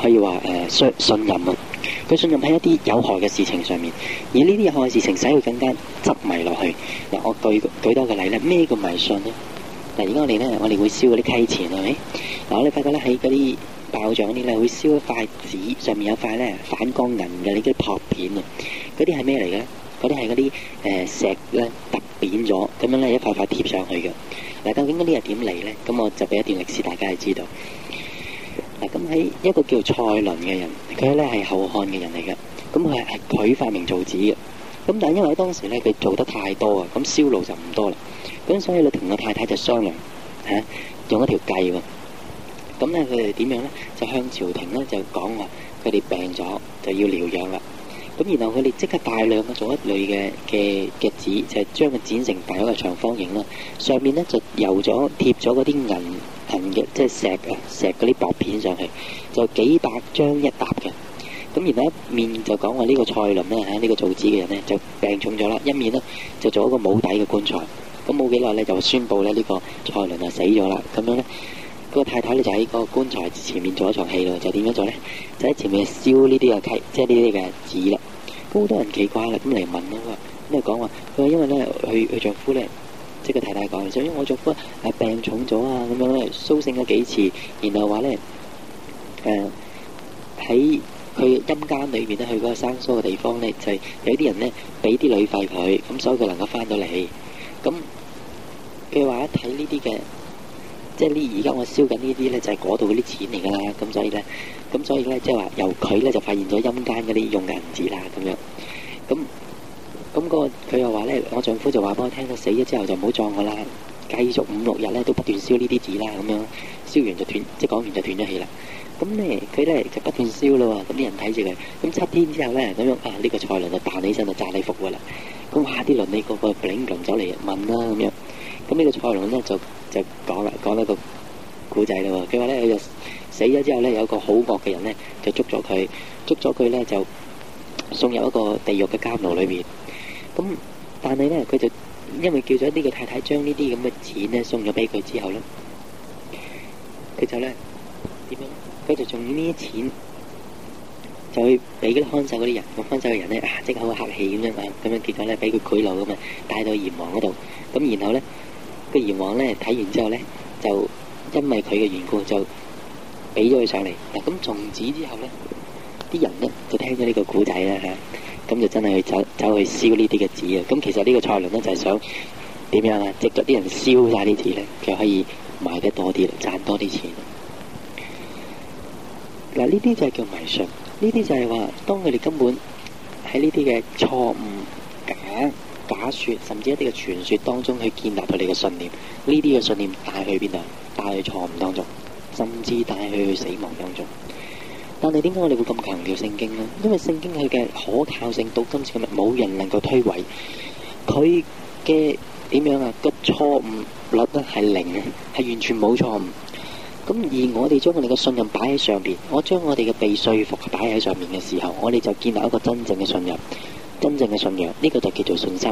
可以話誒信信任啊。佢信任喺一啲有害嘅事情上面，而呢啲有害嘅事情使佢更加執迷落去。嗱，我舉舉多個例咧，咩叫迷信咧？嗱，而家我哋咧，我哋會燒啲溪錢係咪？嗱，我哋發覺咧喺嗰啲爆仗嗰啲咧，會燒一塊紙，上面有塊咧反光銀嘅呢啲薄片啊。嗰啲係咩嚟嘅？嗰啲係嗰啲誒石咧，凸扁咗，咁樣咧一塊塊貼上去嘅。嗱，究竟呢啲係點嚟咧？咁我就俾一段歷史大家係知道。嗱，咁喺一個叫蔡倫嘅人，佢咧係後漢嘅人嚟嘅。咁佢係佢發明造紙嘅。咁但係因為喺當時咧，佢做得太多啊，咁銷路就唔多啦。咁所以佢同個太太就商量吓，用一條計喎。咁咧佢哋點樣咧？就向朝廷咧就講話佢哋病咗，就要療養啦。咁然後佢哋即刻大量嘅做一類嘅嘅嘅紙，就係將佢剪成大一個長方形啦。上面咧就油咗貼咗嗰啲銀銀嘅，即係石啊石嗰啲薄片上去，就幾百張一疊嘅。咁然後一面就講話呢個蔡倫咧，呢、呢個做紙嘅人咧就病重咗啦。一面咧就做一個冇底嘅棺材。咁冇幾耐咧就宣佈咧呢個蔡倫啊死咗啦。咁樣咧。個太太咧就喺嗰個棺材前面做一場戲咯，就點、是、樣做咧？就喺前面燒呢啲嘅契，即係呢啲嘅紙啦。咁好多人奇怪啦，咁嚟問咯，佢話咩講話？佢話因為咧，佢佢丈夫咧，即係個太太講，就因為我丈夫啊病重咗啊，咁樣咧甦醒咗幾次，然後話咧誒喺佢陰間裏邊咧，去嗰個生疏嘅地方咧，就係、是、有啲人咧俾啲旅費佢，咁所以佢能夠翻到嚟。咁佢話一睇呢啲嘅。即係呢，而家我燒緊呢啲咧，就係嗰度嗰啲錢嚟噶啦。咁所以咧，咁所以咧，即係話由佢咧就發現咗陰間嗰啲用銀紙啦，咁樣。咁咁嗰個佢又話咧，我丈夫就話俾我聽，佢死咗之後就唔好撞我啦，繼續五六日咧都不斷燒呢啲紙啦，咁樣燒完就斷，即係講完就斷咗氣啦。咁咧佢咧就不斷燒咯喎，咁啲人睇住佢。咁七天之後咧，咁樣啊呢個菜籮就彈起身就炸你服噶啦。咁哇啲鄰里個個拎棍走嚟問啦咁樣。咁呢個菜籮咧就。就講啦，講一個古仔啦喎。佢話咧，佢就死咗之後咧，有一個好惡嘅人咧，就捉咗佢，捉咗佢咧就送入一個地獄嘅監牢裏面。咁但係咧，佢就因為叫咗呢個太太將呢啲咁嘅錢咧送咗俾佢之後咧，佢就咧點樣呢？佢就用呢啲錢就去俾啲看守嗰啲人，咁看守嘅人咧，啊即係好客氣咁樣啊。咁樣結果咧，俾佢賄賂啊嘛，帶到閻王嗰度。咁然後咧。個閻王咧睇完之後咧，就因為佢嘅緣故就俾咗佢上嚟。嗱、啊，咁從此之後咧，啲人咧就聽咗呢個古仔啦吓，咁、啊啊、就真係去走走去燒呢啲嘅紙啊。咁其實個賽呢個蔡倫咧就係、是、想點樣啊？逼咗啲人燒晒啲紙咧，就可以賣得多啲，賺多啲錢。嗱，呢啲就係叫迷信。呢啲就係話，當佢哋根本喺呢啲嘅錯誤假。假說，甚至一啲嘅傳說當中去建立佢哋嘅信念，呢啲嘅信念帶去邊啊？帶去錯誤當中，甚至帶去死亡當中。但係點解我哋會咁強調聖經呢？因為聖經佢嘅可靠性到今時今日冇人能夠推諉，佢嘅點樣啊？個錯誤率咧係零啊，係完全冇錯誤。咁而我哋將我哋嘅信任擺喺上邊，我將我哋嘅被說服擺喺上面嘅時候，我哋就建立一個真正嘅信任。真正嘅信仰呢個就叫做信心，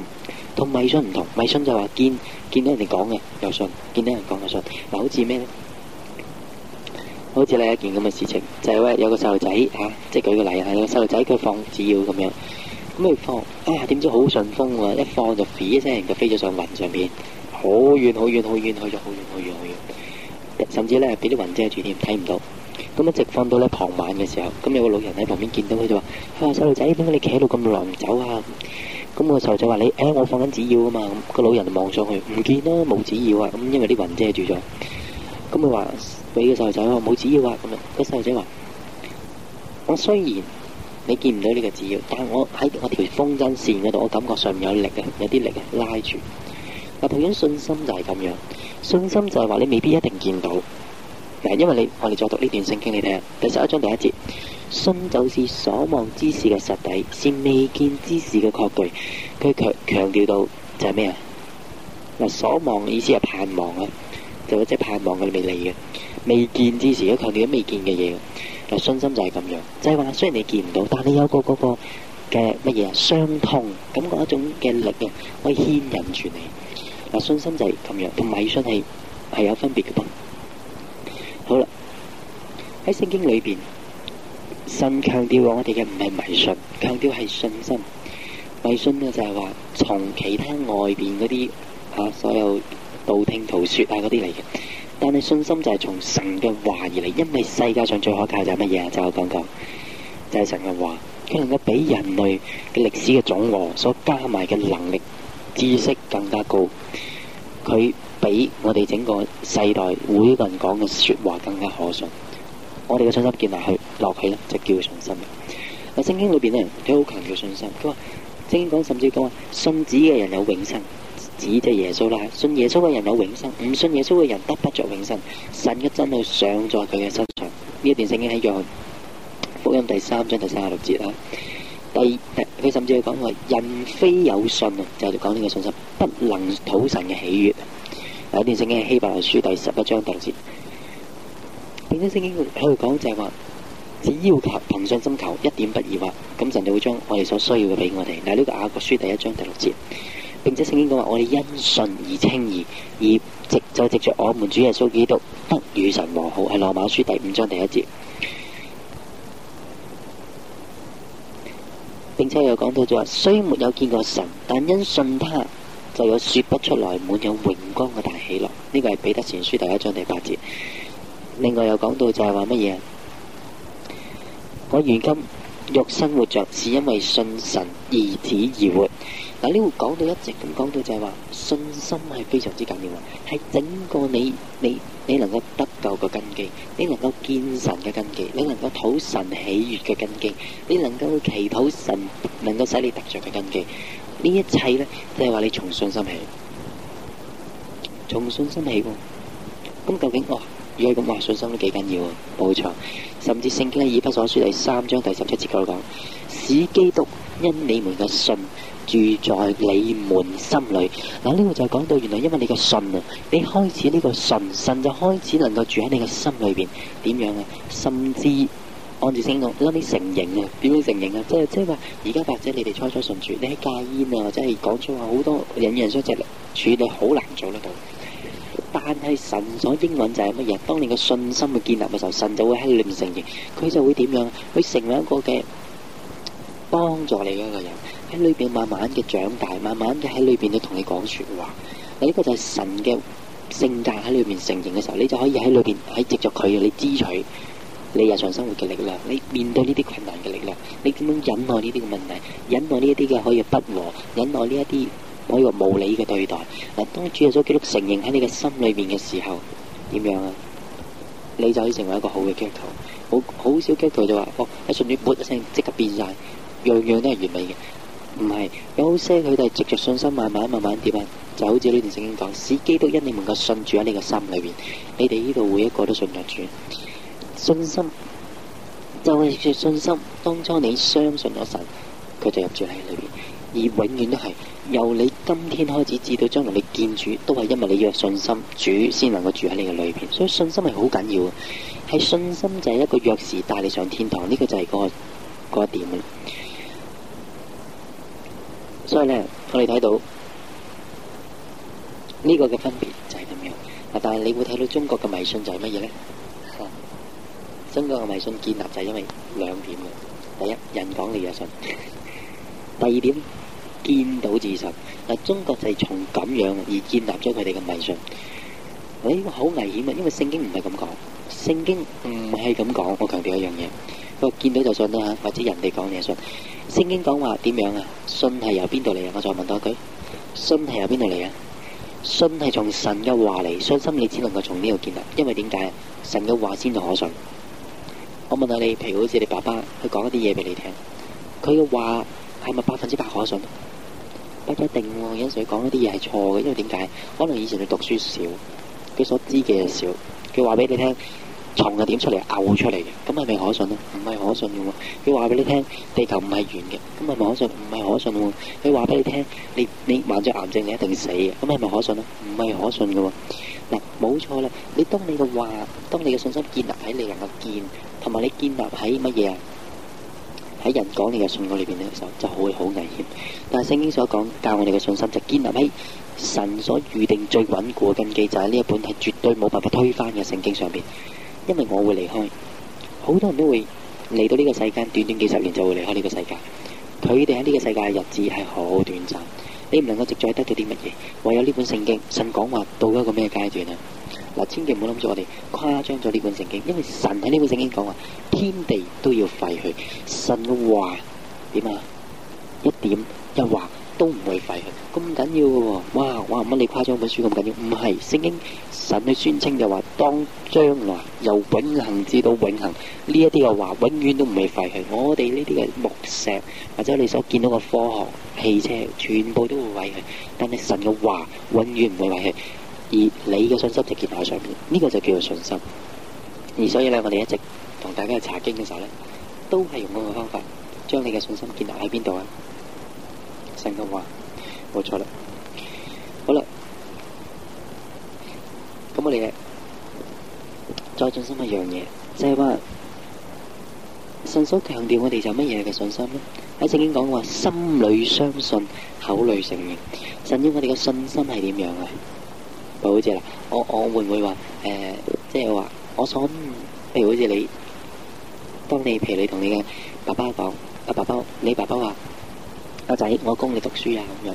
同迷信唔同。迷信就話見見到人哋講嘅又信，見到人講嘅信。嗱，好似咩咧？好似咧一件咁嘅事情，就係喂有個細路仔嚇，即係舉個例嚇，有個細路仔佢放紙鷂咁樣，咁佢放啊點知好順風喎，一放就飛一聲就飛咗上雲上邊，好遠好遠好遠去咗好遠好遠好遠，甚至咧俾啲雲遮住添，睇唔到。咁一直放到咧傍晚嘅時候，咁有個老人喺旁邊見到佢就話：佢話細路仔，點解你企喺度咁耐唔走啊？咁、那個細路仔話：你，誒、哎，我在放緊紙鷂啊嘛。咁、那個老人就望上去，唔見啦，冇紙鷂啊。咁因為啲雲遮住咗。咁佢話俾個細路仔，仔：我冇紙鷂啊。咁啊，個細路仔話：我雖然你見唔到呢個紙鷂，但係我喺我條風箏線嗰度，我感覺上面有力啊，有啲力啊，拉住。嗱，培養信心就係咁樣，信心就係話你未必一定見到。嗱，因為你我哋再讀呢段聖經你聽，第十一章第一節，信就是所望之事嘅實底，是未見之事嘅確據。佢強強調到就係咩啊？嗱，所望意思係盼望啊，就即、是、係盼望佢未嚟嘅，未見之事都強調未見嘅嘢。嗱，信心就係咁樣，就係、是、話雖然你見唔到，但係有個嗰、那個嘅乜嘢啊，相、那、通、個，感覺一種嘅力啊，可以牽引住你。嗱，信心就係咁樣，同迷信係係有分別嘅噃。好啦，喺聖經裏邊，神強調我哋嘅唔係迷信，強調係信心。迷信呢就係話從其他外邊嗰啲啊，所有道聽途說啊嗰啲嚟嘅。但係信心就係從神嘅話而嚟，因為世界上最可靠就係乜嘢啊？就我講講，就係神嘅話，佢能夠比人類嘅歷史嘅總和所加埋嘅能力、知識更加高，佢。俾我哋整個世代會嗰人講嘅說話更加可信，我哋嘅信心建立去落去咧，就叫信心。啊，聖經裏邊咧都好強調信心，佢話聖經講甚至講啊，信子嘅人有永生，子就係耶穌啦，信耶穌嘅人有永生，唔信耶穌嘅人得不着永生。神嘅真愛上在佢嘅身上，呢一段聖經喺約翰福音第三章第三十六節啊。第佢甚至佢講話人非有信啊，就講呢個信心，不能討神嘅喜悦。段聖經》係希伯來書第十一章第六節，並且《聖經》喺度講就係話，只要求憑信心求，一點不疑惑，咁神就會將我哋所需要嘅俾我哋。嗱、這、呢個雅各書第一章第六節，並且《聖經》講話我哋因信而稱義而而藉就藉着我們主耶穌基督得與神和好，係羅馬書第五章第一節。並且又講到就話，雖沒有見過神，但因信他。就有說不出來滿有榮光嘅大喜樂，呢個係彼得前書第一章第八節。另外又講到就係話乜嘢？我如今肉身活着，是因為信神嘅兒子而活。嗱，呢度講到一直咁講到就係話信心係非常之緊要嘅，係整個你你你能夠得救嘅根基，你能夠見神嘅根基，你能夠討神喜悦嘅根基，你能夠祈禱神能夠使你得着嘅根基。呢一切呢，即係話你從信心起，從信心起喎。咁、啊、究竟哦，如果咁話，信心都幾緊要啊，冇錯。甚至聖經咧以弗所書第三章第十七節度講使基督因你們嘅信住在你們心裏。嗱、啊，呢個就講到原來因為你嘅信啊，你開始呢個信，信就開始能夠住喺你嘅心裏邊，點樣啊？甚至……按住先講，當你成形啊，點樣成形啊？即係即係話，而家或者你哋初初信主，你喺戒煙啊，或者係講錯話，好多引人出直處理好難做得到。但係神所應允就係乜嘢？當你嘅信心去建立嘅時候，神就會喺裏邊成形，佢就會點樣？會成為一個嘅幫助你嘅一個人，喺裏邊慢慢嘅長大，慢慢嘅喺裏邊都同你講說話。嗱，呢個就係神嘅性格喺裏邊成形嘅時候，你就可以喺裏邊喺藉着佢，你支取。你日常生活嘅力量，你面對呢啲困難嘅力量，你點樣忍耐呢啲嘅問題？忍耐呢一啲嘅可以不和，忍耐呢一啲可以話無理嘅對待。嗱，當主耶穌基督承認喺你嘅心裏面嘅時候，點樣啊？你就可以成為一個好嘅基督徒。好好少基督徒就話哦，一信主，噗一聲即刻變晒，樣樣都係完美嘅。唔係，有些佢哋係藉着信心慢慢慢慢點啊，就好似呢段聖經講：使基督因你能嘅信住喺你嘅心裏邊，你哋呢度每一個都信得住主。信心就係、是、住信心，當初你相信咗神，佢就入住喺你裏邊，而永遠都係由你今天開始至到將來，你見主都係因為你要有信心，主先能夠住喺你嘅裏邊。所以信心係好緊要嘅，係信心就係一個鑰匙帶你上天堂。呢、這個就係嗰、那個嗰、那個、點啦。所以咧，我哋睇到呢、這個嘅分別就係咁樣。但係你會睇到中國嘅迷信就係乜嘢咧？中國嘅迷信建立就係因為兩點嘅，第一，人講你又信，第二點見到就信。嗱，中國就係從咁樣而建立咗佢哋嘅迷信。哎，好危險啊！因為聖經唔係咁講，聖經唔係咁講。我強調一樣嘢，個見到就信啊，或者人哋講你又信。聖經講話點樣啊？信係由邊度嚟啊？我再問多一句，信係由邊度嚟啊？信係從神嘅話嚟，信心你只能夠從呢度建立，因為點解啊？神嘅話先就可信。我問下你，譬如好似你爸爸，佢講一啲嘢俾你聽，佢嘅話係咪百分之百可信？不一定喎，有陣時講一啲嘢係錯嘅，因為點解？可能以前你讀書少，佢所知嘅少，佢話俾你聽，蟲係點出嚟，咬出嚟嘅，咁係咪可信咧？唔係可信嘅喎。佢話俾你聽，地球唔係圓嘅，咁係咪可信？唔係可信喎。佢話俾你聽，你你患咗癌症你一定死嘅，咁係咪可信咧？唔係可信嘅喎。嗱，冇錯咧，你當你嘅話，當你嘅信心建立喺你，你能夠見。同埋你建立喺乜嘢啊？喺人講你嘅信講裏邊咧，就就好好危險。但係聖經所講教我哋嘅信心，就建立喺神所預定最穩固嘅根基，就喺、是、呢一本係絕對冇辦法推翻嘅聖經上面，因為我會離開，好多人都會嚟到呢個世界，短短幾十年就會離開呢個世界。佢哋喺呢個世界嘅日子係好短暫，你唔能夠直再得到啲乜嘢。唯有呢本聖經神講話到一個咩階段啊？千祈唔好諗住我哋誇張咗呢本聖經，因為神喺呢本聖經講話，天地都要廢去，神嘅話點啊一點一畫都唔會廢去，咁緊要嘅喎、哦，哇，哇乜你誇張本書咁緊要？唔係，聖經神去宣稱就話，當將來由永恒至到永恒，呢一啲嘅話永遠都唔會廢去，我哋呢啲嘅木石或者你所見到嘅科學汽車，全部都會廢去，但係神嘅話永遠唔會廢去。而你嘅信心就建立喺上面，呢個就叫做信心。而所以咧，我哋一直同大家去查經嘅時候咧，都係用嗰個方法，將你嘅信心建立喺邊度啊？神嘅話，冇錯啦。好啦，咁我哋再進深一樣嘢，即係話神所強調我哋就乜嘢嘅信心咧？喺聖經講話，心裏相信，口裏承認。神要我哋嘅信心係點樣啊？好似啦，我我會唔會話誒、呃，即係話我想，譬如好似你，當你譬如你同你嘅爸爸講，阿爸爸，你爸爸話，阿仔，我供你讀書啊咁樣，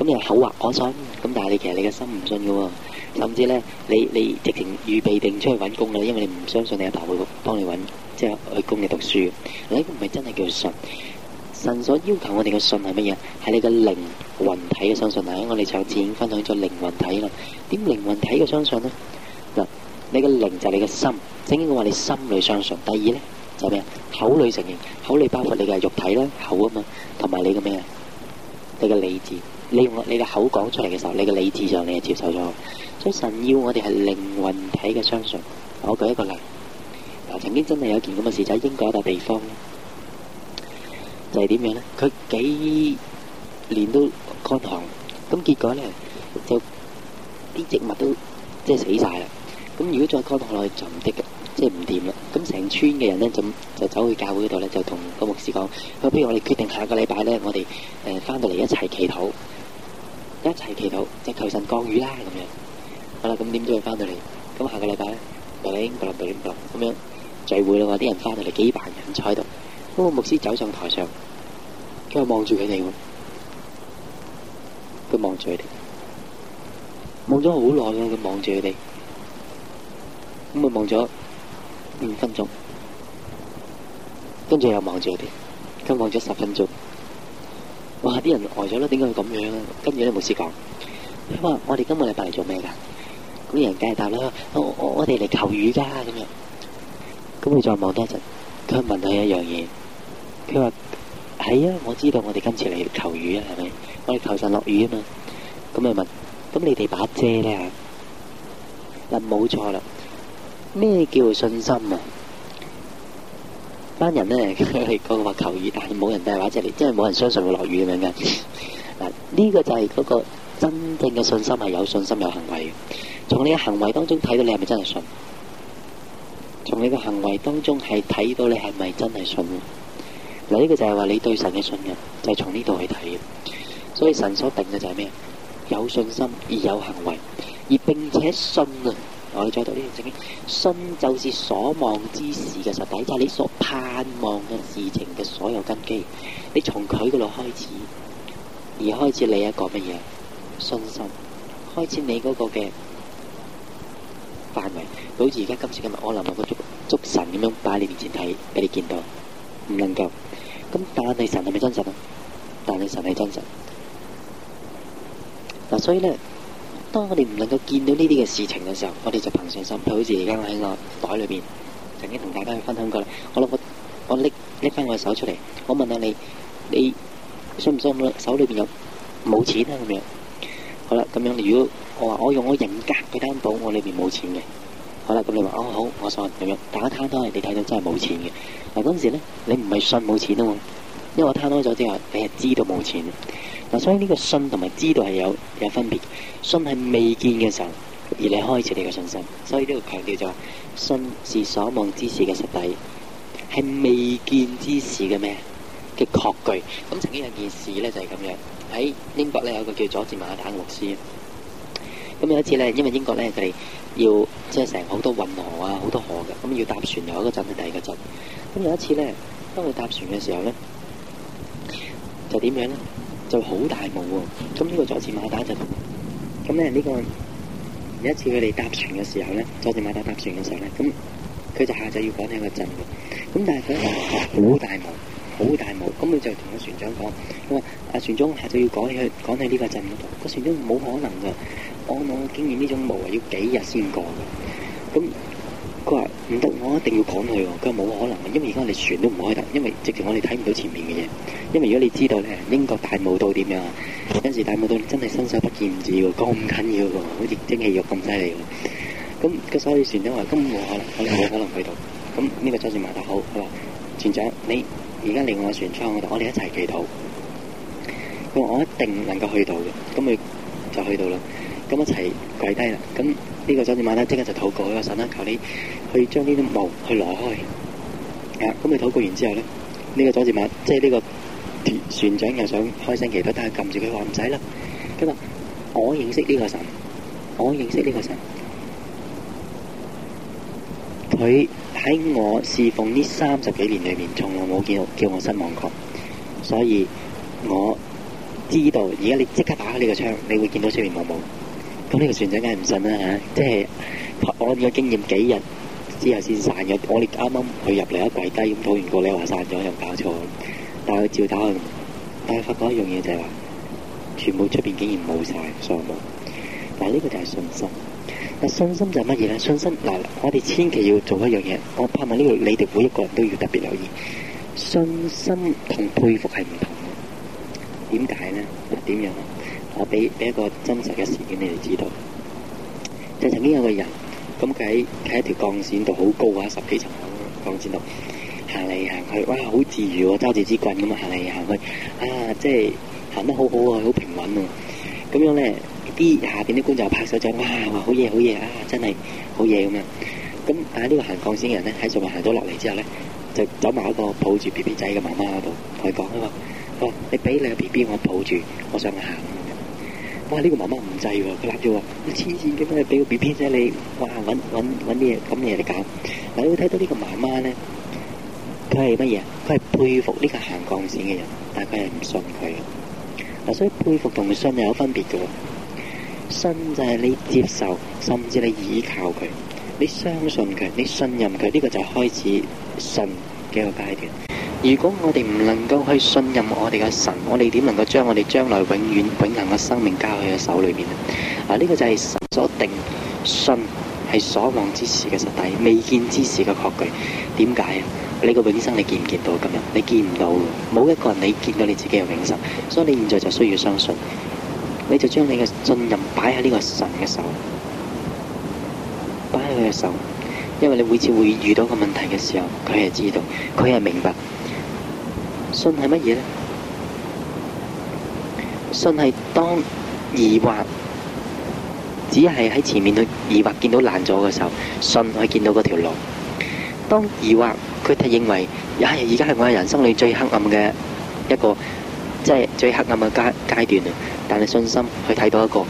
咁你口話我想，咁但係你其實你嘅心唔信嘅，甚至咧你你直情預備定出去搵工啦，因為你唔相信你阿爸會幫你搵，即係去供你讀書，呢個唔係真係叫信。神所要求我哋嘅信係乜嘢？係你嘅靈魂體嘅相信啊！因為我哋上次已經分享咗靈魂體啦。點靈魂體嘅相信呢？嗱，你嘅靈就係你嘅心，聖經話你心裏相信。第二呢，就係、是、咩？口裏承認，口裏包括你嘅肉體啦，口啊嘛，同埋你嘅咩？你嘅理智，你用你嘅口講出嚟嘅時候，你嘅理智上你係接受咗。所以神要我哋係靈魂體嘅相信。我舉一個例，嗱、啊，曾經真係有件咁嘅事，就喺英國一笪地方。就係點樣咧？佢幾年都乾旱，咁結果咧就啲植物都即係死晒啦。咁如果再乾旱落去，就唔得嘅，即係唔掂啦。咁成村嘅人咧就就走去教會嗰度咧，就同個牧師講：，佢不如我哋決定下個禮拜咧，我哋誒翻到嚟一齊祈禱，一齊祈禱，即係求神降雨啦。咁樣好啦，咁點都要翻到嚟。咁下個禮拜，嗰啲嗰啲嗰啲咁樣聚會啦，啲人翻到嚟，幾百人坐喺度。嗰個牧師走上台上，佢、啊、又望住佢哋，佢望住佢哋，望咗好耐啦，佢望住佢哋，咁啊望咗五分鐘，跟住又望住佢哋，佢望咗十分鐘，哇！啲人呆咗啦，點解會咁樣啊？跟住咧，牧師講：，佢話我哋今日禮拜嚟做咩噶？咁啲人梗係答啦，我我我哋嚟求雨噶、啊、咁樣。咁佢再望多一陣，佢問佢一樣嘢。佢話：係啊、哎，我知道我哋今次嚟求雨，是是求雨啊，係咪？我哋求神落雨啊嘛。咁咪問：咁你哋把遮咧嚇？嗱，冇錯啦。咩叫信心啊？班人咧，佢哋嗰個話求雨，但係冇人都係帶遮嚟，即係冇人相信會落雨咁樣嘅。嗱、啊，呢、呢個就係嗰個真正嘅信心係有信心有行為嘅。從你嘅行為當中睇到你係咪真係信？從你嘅行為當中係睇到你係咪真係信？嗱，呢個就係話你對神嘅信任，就係從呢度去睇。所以神所定嘅就係咩？有信心而有行為，而並且信啊！我哋再讀呢段經，信就是所望之事嘅實底，就係你所盼望嘅事情嘅所有根基。你從佢嗰度開始，而開始你一個乜嘢？信心，開始你嗰個嘅範圍，好似而家今次今日我能夠捉捉神咁樣擺喺你面前睇，俾你見到，唔能夠。咁但係神係咪真實啊？但係神係真實。嗱，所以咧，當我哋唔能夠見到呢啲嘅事情嘅時候，我哋就憑信心。譬如好似而家我喺個袋裏邊，曾經同大家去分享過啦。好啦，我攞我我拎拎翻我嘅手出嚟，我問下你，你信唔信我手裏邊有冇錢啊？咁樣，好啦，咁樣如果我話我用我人格嘅擔保，我裏邊冇錢嘅。好啦，咁你話哦，好，我想點樣打攤開？你睇到真係冇錢嘅嗱，嗰陣時咧，你唔係信冇錢啊嘛，因為我攤開咗之後，你係知道冇錢嗱，所以呢個信同埋知道係有有分別，信係未見嘅時候，而你開始你嘅信心。所以呢度強調就話，信是所望之事嘅實底，係未見之事嘅咩嘅確據。咁曾經有件事咧就係咁樣喺英國咧有個叫佐治馬打嘅牧師。咁有一次咧，因為英國咧佢哋要。即係成日好多運河啊，好多河嘅，咁要搭船由、那個、一個鎮去第二個鎮。咁有一次咧，當佢搭船嘅時候咧，就點樣咧？就好大霧啊！咁呢個佐治馬打就咁咧，呢、這個有一次佢哋搭船嘅時候咧，佐治馬打搭船嘅時候咧，咁佢就下晝要趕喺個鎮嘅。咁但係佢咧，好大霧，好大霧。咁佢就同個船長講：，我話阿船長下，下晝要趕起去，趕喺呢個鎮嗰度。個船長冇可能噶，我我經驗呢種霧啊，要幾日先過。咁佢話唔得，我一定要趕去喎。佢話冇可能，因為而家我哋船都唔開得，因為直情我哋睇唔到前面嘅嘢。因為如果你知道咧，英國大霧到點樣？有陣時大霧到真係伸手不見指喎，咁緊要喎，好似蒸氣浴咁犀利喎。咁佢所以船長話：咁冇可能，我哋冇可能去到。咁呢個左旋馬達好。佢話「船長，你而家嚟我船艙，我哋一齊祈禱。」佢話我一定能夠去到嘅。咁佢就去到啦。咁一齊跪低啦。咁。個佐治曼，呢個佐治曼咧，即刻就禱告，呢個神啦，求你去將呢啲霧去攞開。咁你禱告完之後咧，呢、這個佐治曼即係呢個船長又想開聲祈禱，都但係撳住佢話唔使啦。今日我認識呢個神，我認識呢個神。佢喺我侍奉呢三十幾年裏面，從來冇見到叫我失望過。所以我知道，而家你即刻打開呢個窗，你會見到出面冇霧。咁呢個船長梗係唔信啦嚇，啊，即係我我嘅經驗幾日之後先散咗。我哋啱啱去入嚟一跪低咁抱完個你話散咗又搞錯，但係佢照打佢，但係發覺一樣嘢就係、是、話，全部出邊竟然冇晒。所以冇。嗱呢個就係信心，嗱信心就係乜嘢咧？信心嗱、啊、我哋千祈要做一樣嘢，我拍問呢，這個你哋每一個人都要特別留意，信心同佩服係唔同嘅，點解咧？點樣？我俾俾一個真實嘅事件，你哋知道，就係曾經有個人，咁佢喺喺一條鋼線度，好高啊，十幾層樓鋼線度行嚟行去，哇，好自如喎，揸住支棍咁行嚟行去，啊，即係行得好好啊，好平穩啊，咁樣咧，啲下邊啲觀眾拍手掌，哇，好嘢，好嘢啊，真係好嘢咁樣。咁但係呢個行鋼線嘅人咧，喺上面行到落嚟之後咧，就走埋一個抱住 B B 仔嘅媽媽嗰度，佢講啊話：你俾你嘅 B B 我抱住，我想去行。哇！呢個媽媽唔制喎，佢立住話你黐線，點解俾個 B B 仔你寶寶？哇！揾揾揾啲嘢咁嘢嚟搞。嗱，你會睇到呢個媽媽咧，佢係乜嘢？佢係佩服呢個行鋼線嘅人，但係佢係唔信佢嘅。嗱，所以佩服同信有分別嘅喎。信就係你接受，甚至你依靠佢，你相信佢，你信任佢，呢個就開始信嘅一個階段。如果我哋唔能夠去信任我哋嘅神，我哋點能夠將我哋將來永遠永恆嘅生命交喺佢嘅手裏面咧？啊，呢、這個就係神所定，信係所望之事嘅實底，未見之事嘅確據。點解啊？你、這個永生你見唔見到今日？你見唔到，冇一個人你見到你自己嘅永生。所以你現在就需要相信，你就將你嘅信任擺喺呢個神嘅手，擺喺佢嘅手，因為你每次會遇到個問題嘅時候，佢係知道，佢係明白。信係乜嘢呢？信係當疑惑，只係喺前面去疑惑，見到爛咗嘅時候，信可以見到嗰條路。當疑惑，佢哋認為，啊，而家係我嘅人生裏最黑暗嘅一個，即係最黑暗嘅階階段啦。但係信心去睇到一個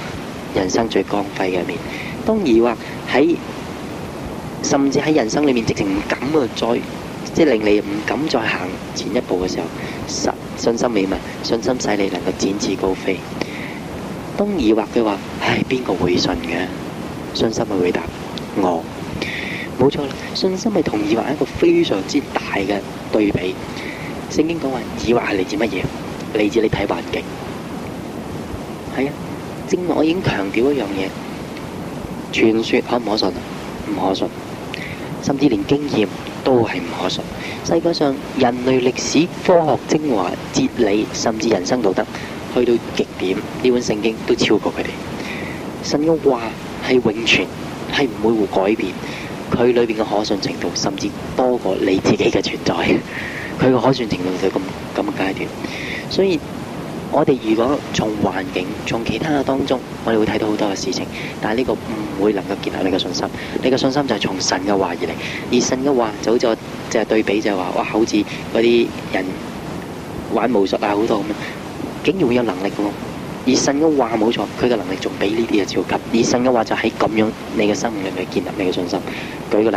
人生最光輝嘅一面。當疑惑喺，甚至喺人生裏面直情唔敢去追。即係令你唔敢再行前一步嘅時候，信心未聞，信心使你能夠展翅高飛。當疑惑嘅話，唉，邊個會信嘅？信心係回答我，冇錯啦。信心係同疑惑一個非常之大嘅對比。聖經講話疑惑係嚟自乜嘢？嚟自你睇環境。係啊，正如我已經強調一樣嘢，傳說可唔可信？唔可信，甚至連經驗。都係唔可信。世界上人類歷史、科學精華、哲理，甚至人生道德，去到極點，呢本聖經都超過佢哋。神嘅話係永存，係唔會會改變。佢裏邊嘅可信程度，甚至多過你自己嘅存在。佢嘅可信程度就咁咁嘅階段。所以。我哋如果從環境、從其他嘅當中，我哋會睇到好多嘅事情，但係呢個唔會能夠建立你嘅信心。你嘅信心就係從神嘅話而嚟，而神嘅話就好似即係對比就，就係話哇，好似嗰啲人玩巫術啊，好多咁樣，竟然會有能力嘅喎。而神嘅話冇錯，佢嘅能力仲比呢啲嘢超級。而神嘅話就喺咁樣，你嘅生命裏面建立你嘅信心。舉個例，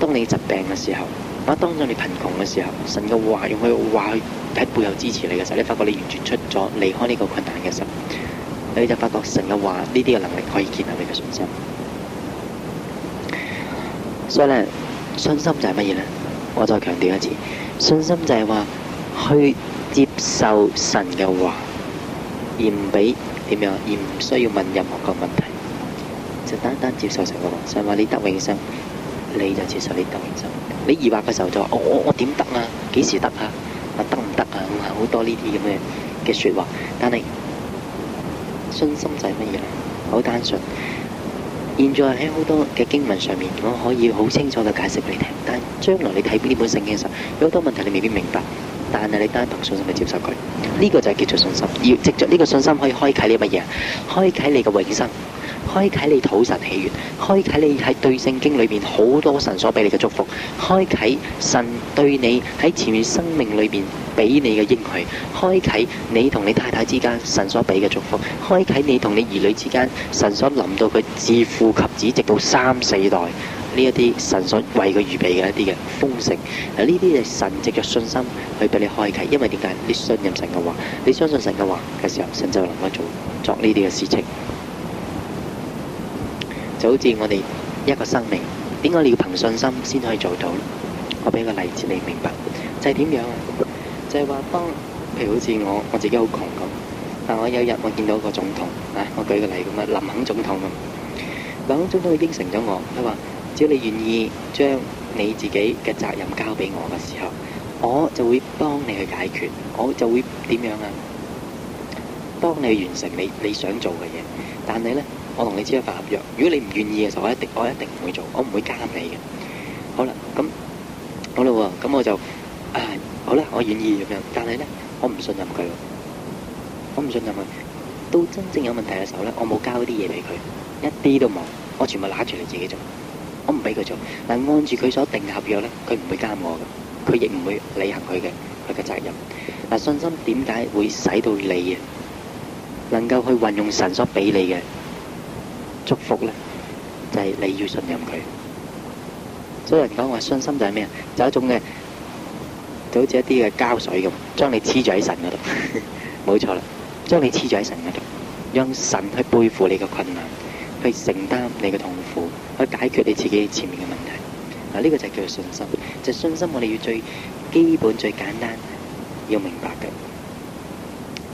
當你疾病嘅時候。當當你貧窮嘅時候，神嘅話用佢話喺背後支持你嘅時候，你發覺你完全出咗離開呢個困難嘅時候，你就發覺神嘅話呢啲嘅能力可以建立你嘅信心。所以咧，信心就係乜嘢呢？我再強調一次，信心就係話去接受神嘅話，而唔俾點樣，而唔需要問任何個問題，就單單接受神嘅話。神話你得永生，你就接受你得永生。你疑惑嘅時候就話、哦、我我我點得啊？幾時得啊？啊得唔得啊？咁啊好多呢啲咁嘅嘅說話，但係信心就係乜嘢咧？好單純。現在喺好多嘅經文上面，我可以好清楚嘅解釋俾你聽。但係將來你睇呢本聖經嘅時候，有好多問題你未必明白，但係你單純信心去接受佢，呢、這個就係叫做信心。要藉着呢個信心可以開啟你乜嘢啊？開啟你嘅永生。開啟你討神喜悅，開啟你喺對聖經裏面好多神所俾你嘅祝福，開啟神對你喺前面生命裏面俾你嘅應許，開啟你同你太太之間神所俾嘅祝福，開啟你同你兒女之間神所臨到佢自父及子直到三四代呢一啲神所為佢預備嘅一啲嘅豐盛。嗱，呢啲係神藉著信心去對你開啟，因為點解？你信任神嘅話，你相信神嘅話嘅時候，神就能夠做作呢啲嘅事情。就好似我哋一個生命，點解你要憑信心先可以做到？我俾個例子你明白，就係點樣啊？就係話當，譬如好似我我自己好窮咁，但我有日我見到一個總統啊，我舉個例咁啊，林肯總統咁，林肯總統佢應承咗我，佢話只要你願意將你自己嘅責任交俾我嘅時候，我就會幫你去解決，我就會點樣啊？幫你完成你你想做嘅嘢，但係呢。」我同你簽一份合約，如果你唔願意嘅時候，我一定我一定唔會做，我唔會加你嘅。好啦，咁好啦、哦，咁我就、啊、好啦，我願意咁樣。但係呢，我唔信任佢，我唔信任佢。到真正有問題嘅時候呢，我冇交啲嘢俾佢，一啲都冇，我全部揦住嚟自己做，我唔畀佢做。但按住佢所定嘅合約呢，佢唔會加我嘅，佢亦唔會履行佢嘅佢嘅責任。嗱，信心點解會使到你嘅，能夠去運用神所畀你嘅？祝福咧，就係你要信任佢。所以人講話信心就係咩啊？就一種嘅，就好似一啲嘅膠水咁，將你黐住喺神嗰度。冇錯啦，將你黐住喺神嗰度，讓神去背負你嘅困難，去承擔你嘅痛苦，去解決你自己前面嘅問題。嗱，呢個就叫做信心。就信心，我哋要最基本、最簡單要明白嘅。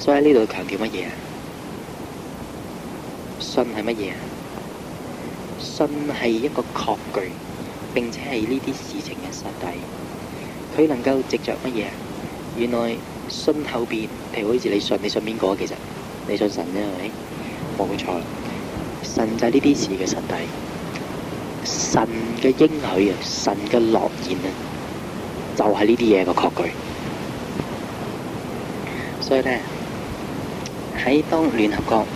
所以喺呢度強調乜嘢啊？信係乜嘢啊？信係一個確據，並且係呢啲事情嘅實底。佢能夠藉着乜嘢？原來信後邊，譬如，好似你信，你信邊個？其實你信神啫，係咪？冇錯，神就係呢啲事嘅實底，神嘅應許啊，神嘅諾言啊，就係呢啲嘢嘅確據。所以咧，喺當聯合國。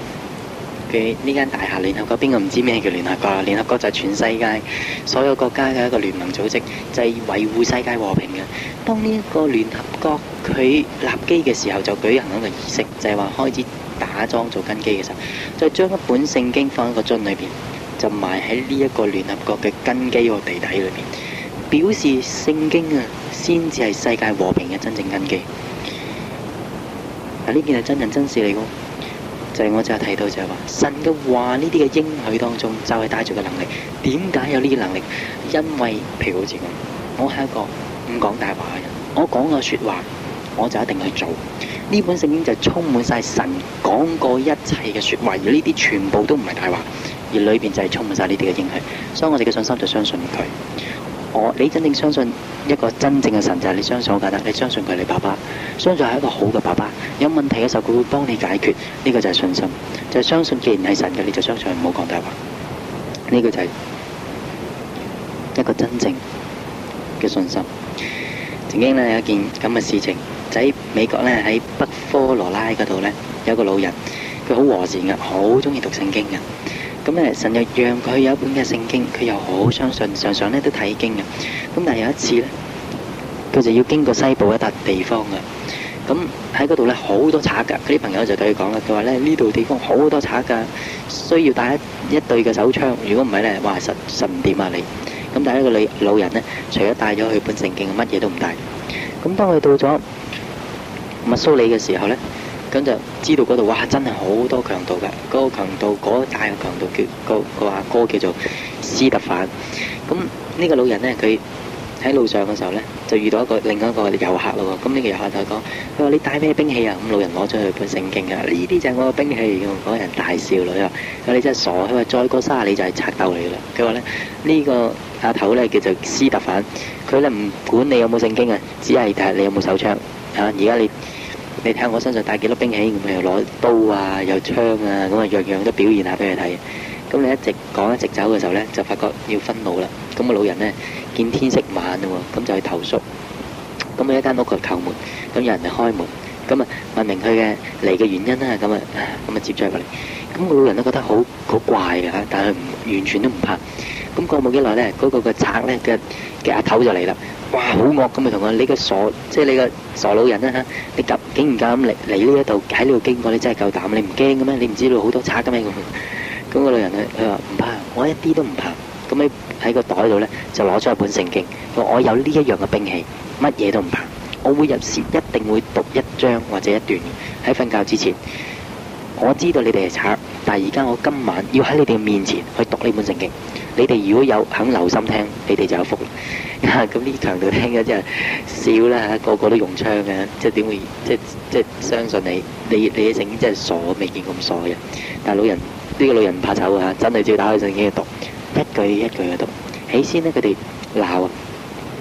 呢間大廈，聯合國邊個唔知咩叫聯合國？聯合國就係全世界所有國家嘅一個聯盟組織，就係維護世界和平嘅。當呢一個聯合國佢立基嘅時候，就舉行一個儀式，就係話開始打樁做根基嘅時候，就將一本聖經放喺個樽裏邊，就埋喺呢一個聯合國嘅根基嘅地底裏邊，表示聖經啊，先至係世界和平嘅真正根基。嗱，呢件係真人真事嚟噶就係我就係睇到就係話神嘅話呢啲嘅應許當中就係帶住嘅能力，點解有呢啲能力？因為譬如好似咁我係一個唔講大話嘅人，我講嘅説話我就一定去做。呢本聖經就充滿晒神講過一切嘅説話，而呢啲全部都唔係大話，而裏邊就係充滿晒呢啲嘅應許，所以我哋嘅信心就相信佢。我你真正相信一個真正嘅神就係你相信，我覺得你相信佢係你爸爸，相信係一個好嘅爸爸。有問題嘅時候佢會幫你解決，呢個就係信心，就係相信。既然係神嘅你就相信，唔好講大話。呢個就係一個真正嘅信心。曾經咧有一件咁嘅事情，就喺美國呢喺北科羅拉嗰度呢有個老人，佢好和善嘅，好中意讀聖經嘅。咁咧、嗯，神又讓佢有一本嘅聖經，佢又好相信，常常咧都睇經嘅。咁但係有一次咧，佢就要經過西部一笪地方嘅。咁喺嗰度咧好多賊噶，佢啲朋友就對佢講啦：佢話咧呢度地方好多賊噶，需要帶一,一對嘅手槍。如果唔係咧，話實實唔掂啊你。咁但係一個老老人咧，除咗帶咗佢一本聖經，乜嘢都唔帶。咁當佢到咗密蘇里嘅時候咧。咁就知道嗰度，哇！真係好多強盜嘅，嗰、那個強盜，嗰、那個大嘅強盜叫，那個個話，個叫做斯特凡。咁呢個老人呢，佢喺路上嘅時候呢，就遇到一個另一個遊客咯。咁呢個遊客就講：佢話你帶咩兵器啊？咁老人攞出去本聖經啊，呢啲就係我嘅兵器。咁嗰個人大笑咯，啊，又話你真係傻。佢話再過卅里你就係賊鬥嚟啦。佢話呢，呢、這個阿頭呢，叫做斯特凡，佢呢，唔管你有冇聖經有有啊，只係睇你有冇手槍嚇。而家你。你睇我身上帶幾粒兵器，咁又攞刀啊，又槍啊，咁啊樣樣都表現下俾佢睇。咁你一直講一直走嘅時候呢，就發覺要分路啦。咁個老人呢，見天色晚喎，咁就去投宿。咁你一間屋佢叩門，咁有人就開門。咁啊，問明佢嘅嚟嘅原因啦，咁啊，咁啊接咗入嚟。咁個老人都覺得好好怪嘅嚇，但佢唔完全都唔怕。咁過冇幾耐咧，嗰、嗰個嘅、嗰個嗰個、賊咧嘅嘅阿頭就嚟啦。哇，好惡咁啊！同佢，你個傻，即、就、係、係、你個傻老人啦嚇，你敢竟然敢嚟嚟呢一度喺呢度經過，你真係夠膽！你唔驚嘅咩？你唔知道好多賊嘅咩？咁、嗰個老人佢佢話唔怕，我一啲都唔怕。咁喺喺個袋度咧就攞咗一本聖經，話我有呢一樣嘅兵器，乜嘢都唔怕。我會入時，一定會讀一章或者一段。喺瞓覺之前，我知道你哋係賊，但係而家我今晚要喺你哋嘅面前去讀呢本聖經。你哋如果有肯留心聽，你哋就有福啦。咁呢強盜聽嘅真係笑啦，個個都用槍嘅，即係點會，即係即係相信你？你你嘅聖經真係傻，未見咁傻嘅。但係老人呢個老人唔怕醜啊，真係照打開聖經去讀，一句一句去讀。起先呢佢哋鬧啊，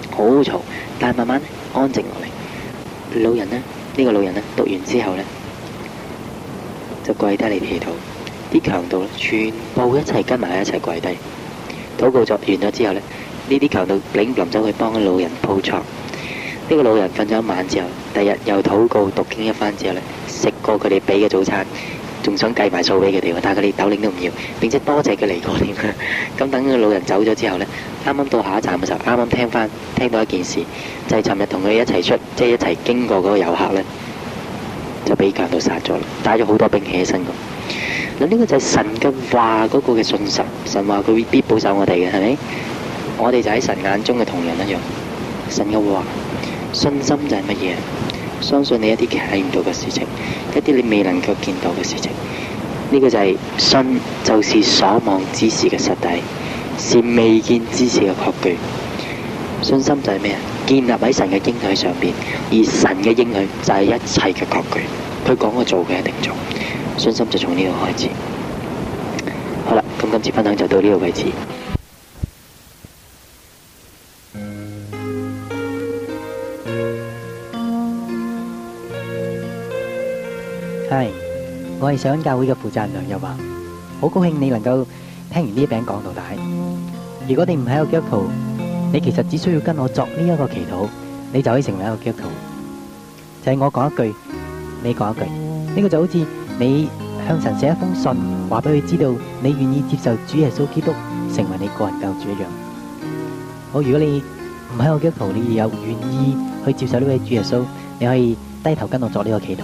好嘈，但係慢慢。安靜落嚟，老人呢，呢個老人呢，讀完之後呢，就跪低嚟祈禱，啲強盜呢全部一齊跟埋一齊跪低，禱告作完咗之後呢，呢啲強盜領臨走去幫老人鋪床，呢個老人瞓咗一晚之後，第二日又禱告讀經一番之後呢，食過佢哋俾嘅早餐。仲想計埋數俾佢哋喎，但係佢哋斗零都唔要，並且多謝佢嚟過添。咁 等個老人走咗之後呢，啱啱到下一站嘅時候，啱啱聽翻聽到一件事，就係尋日同佢哋一齊出，即係一齊經過嗰個遊客呢，就俾強盜殺咗啦，帶咗好多兵器起身咁。嗱，呢個就係神嘅話嗰個嘅信心，神話佢必保守我哋嘅，係咪？我哋就喺神眼中嘅同人一樣，神嘅話，信心就係乜嘢？相信你一啲睇唔到嘅事情，一啲你未能夠見到嘅事情，呢、這個就係、是、信，就是所望之事嘅實底，是未見之事嘅確據。信心就係咩啊？建立喺神嘅應許上邊，而神嘅應許就係一切嘅確據。佢講我做嘅一定做。信心就從呢個開始。好啦，咁今次分享就到呢個位置。係上教會嘅負責人又話，好高興你能夠聽完呢一篇講道。如果你唔喺個基督徒，你其實只需要跟我作呢一個祈禱，你就可以成為一個基督徒。就係我講一句，你講一句，呢個就好似你向神寫一封信，話俾佢知道你願意接受主耶穌基督成為你個人救主一樣。好，如果你唔喺個基督徒，你有願意去接受呢位主耶穌，你可以低頭跟我作呢個祈禱。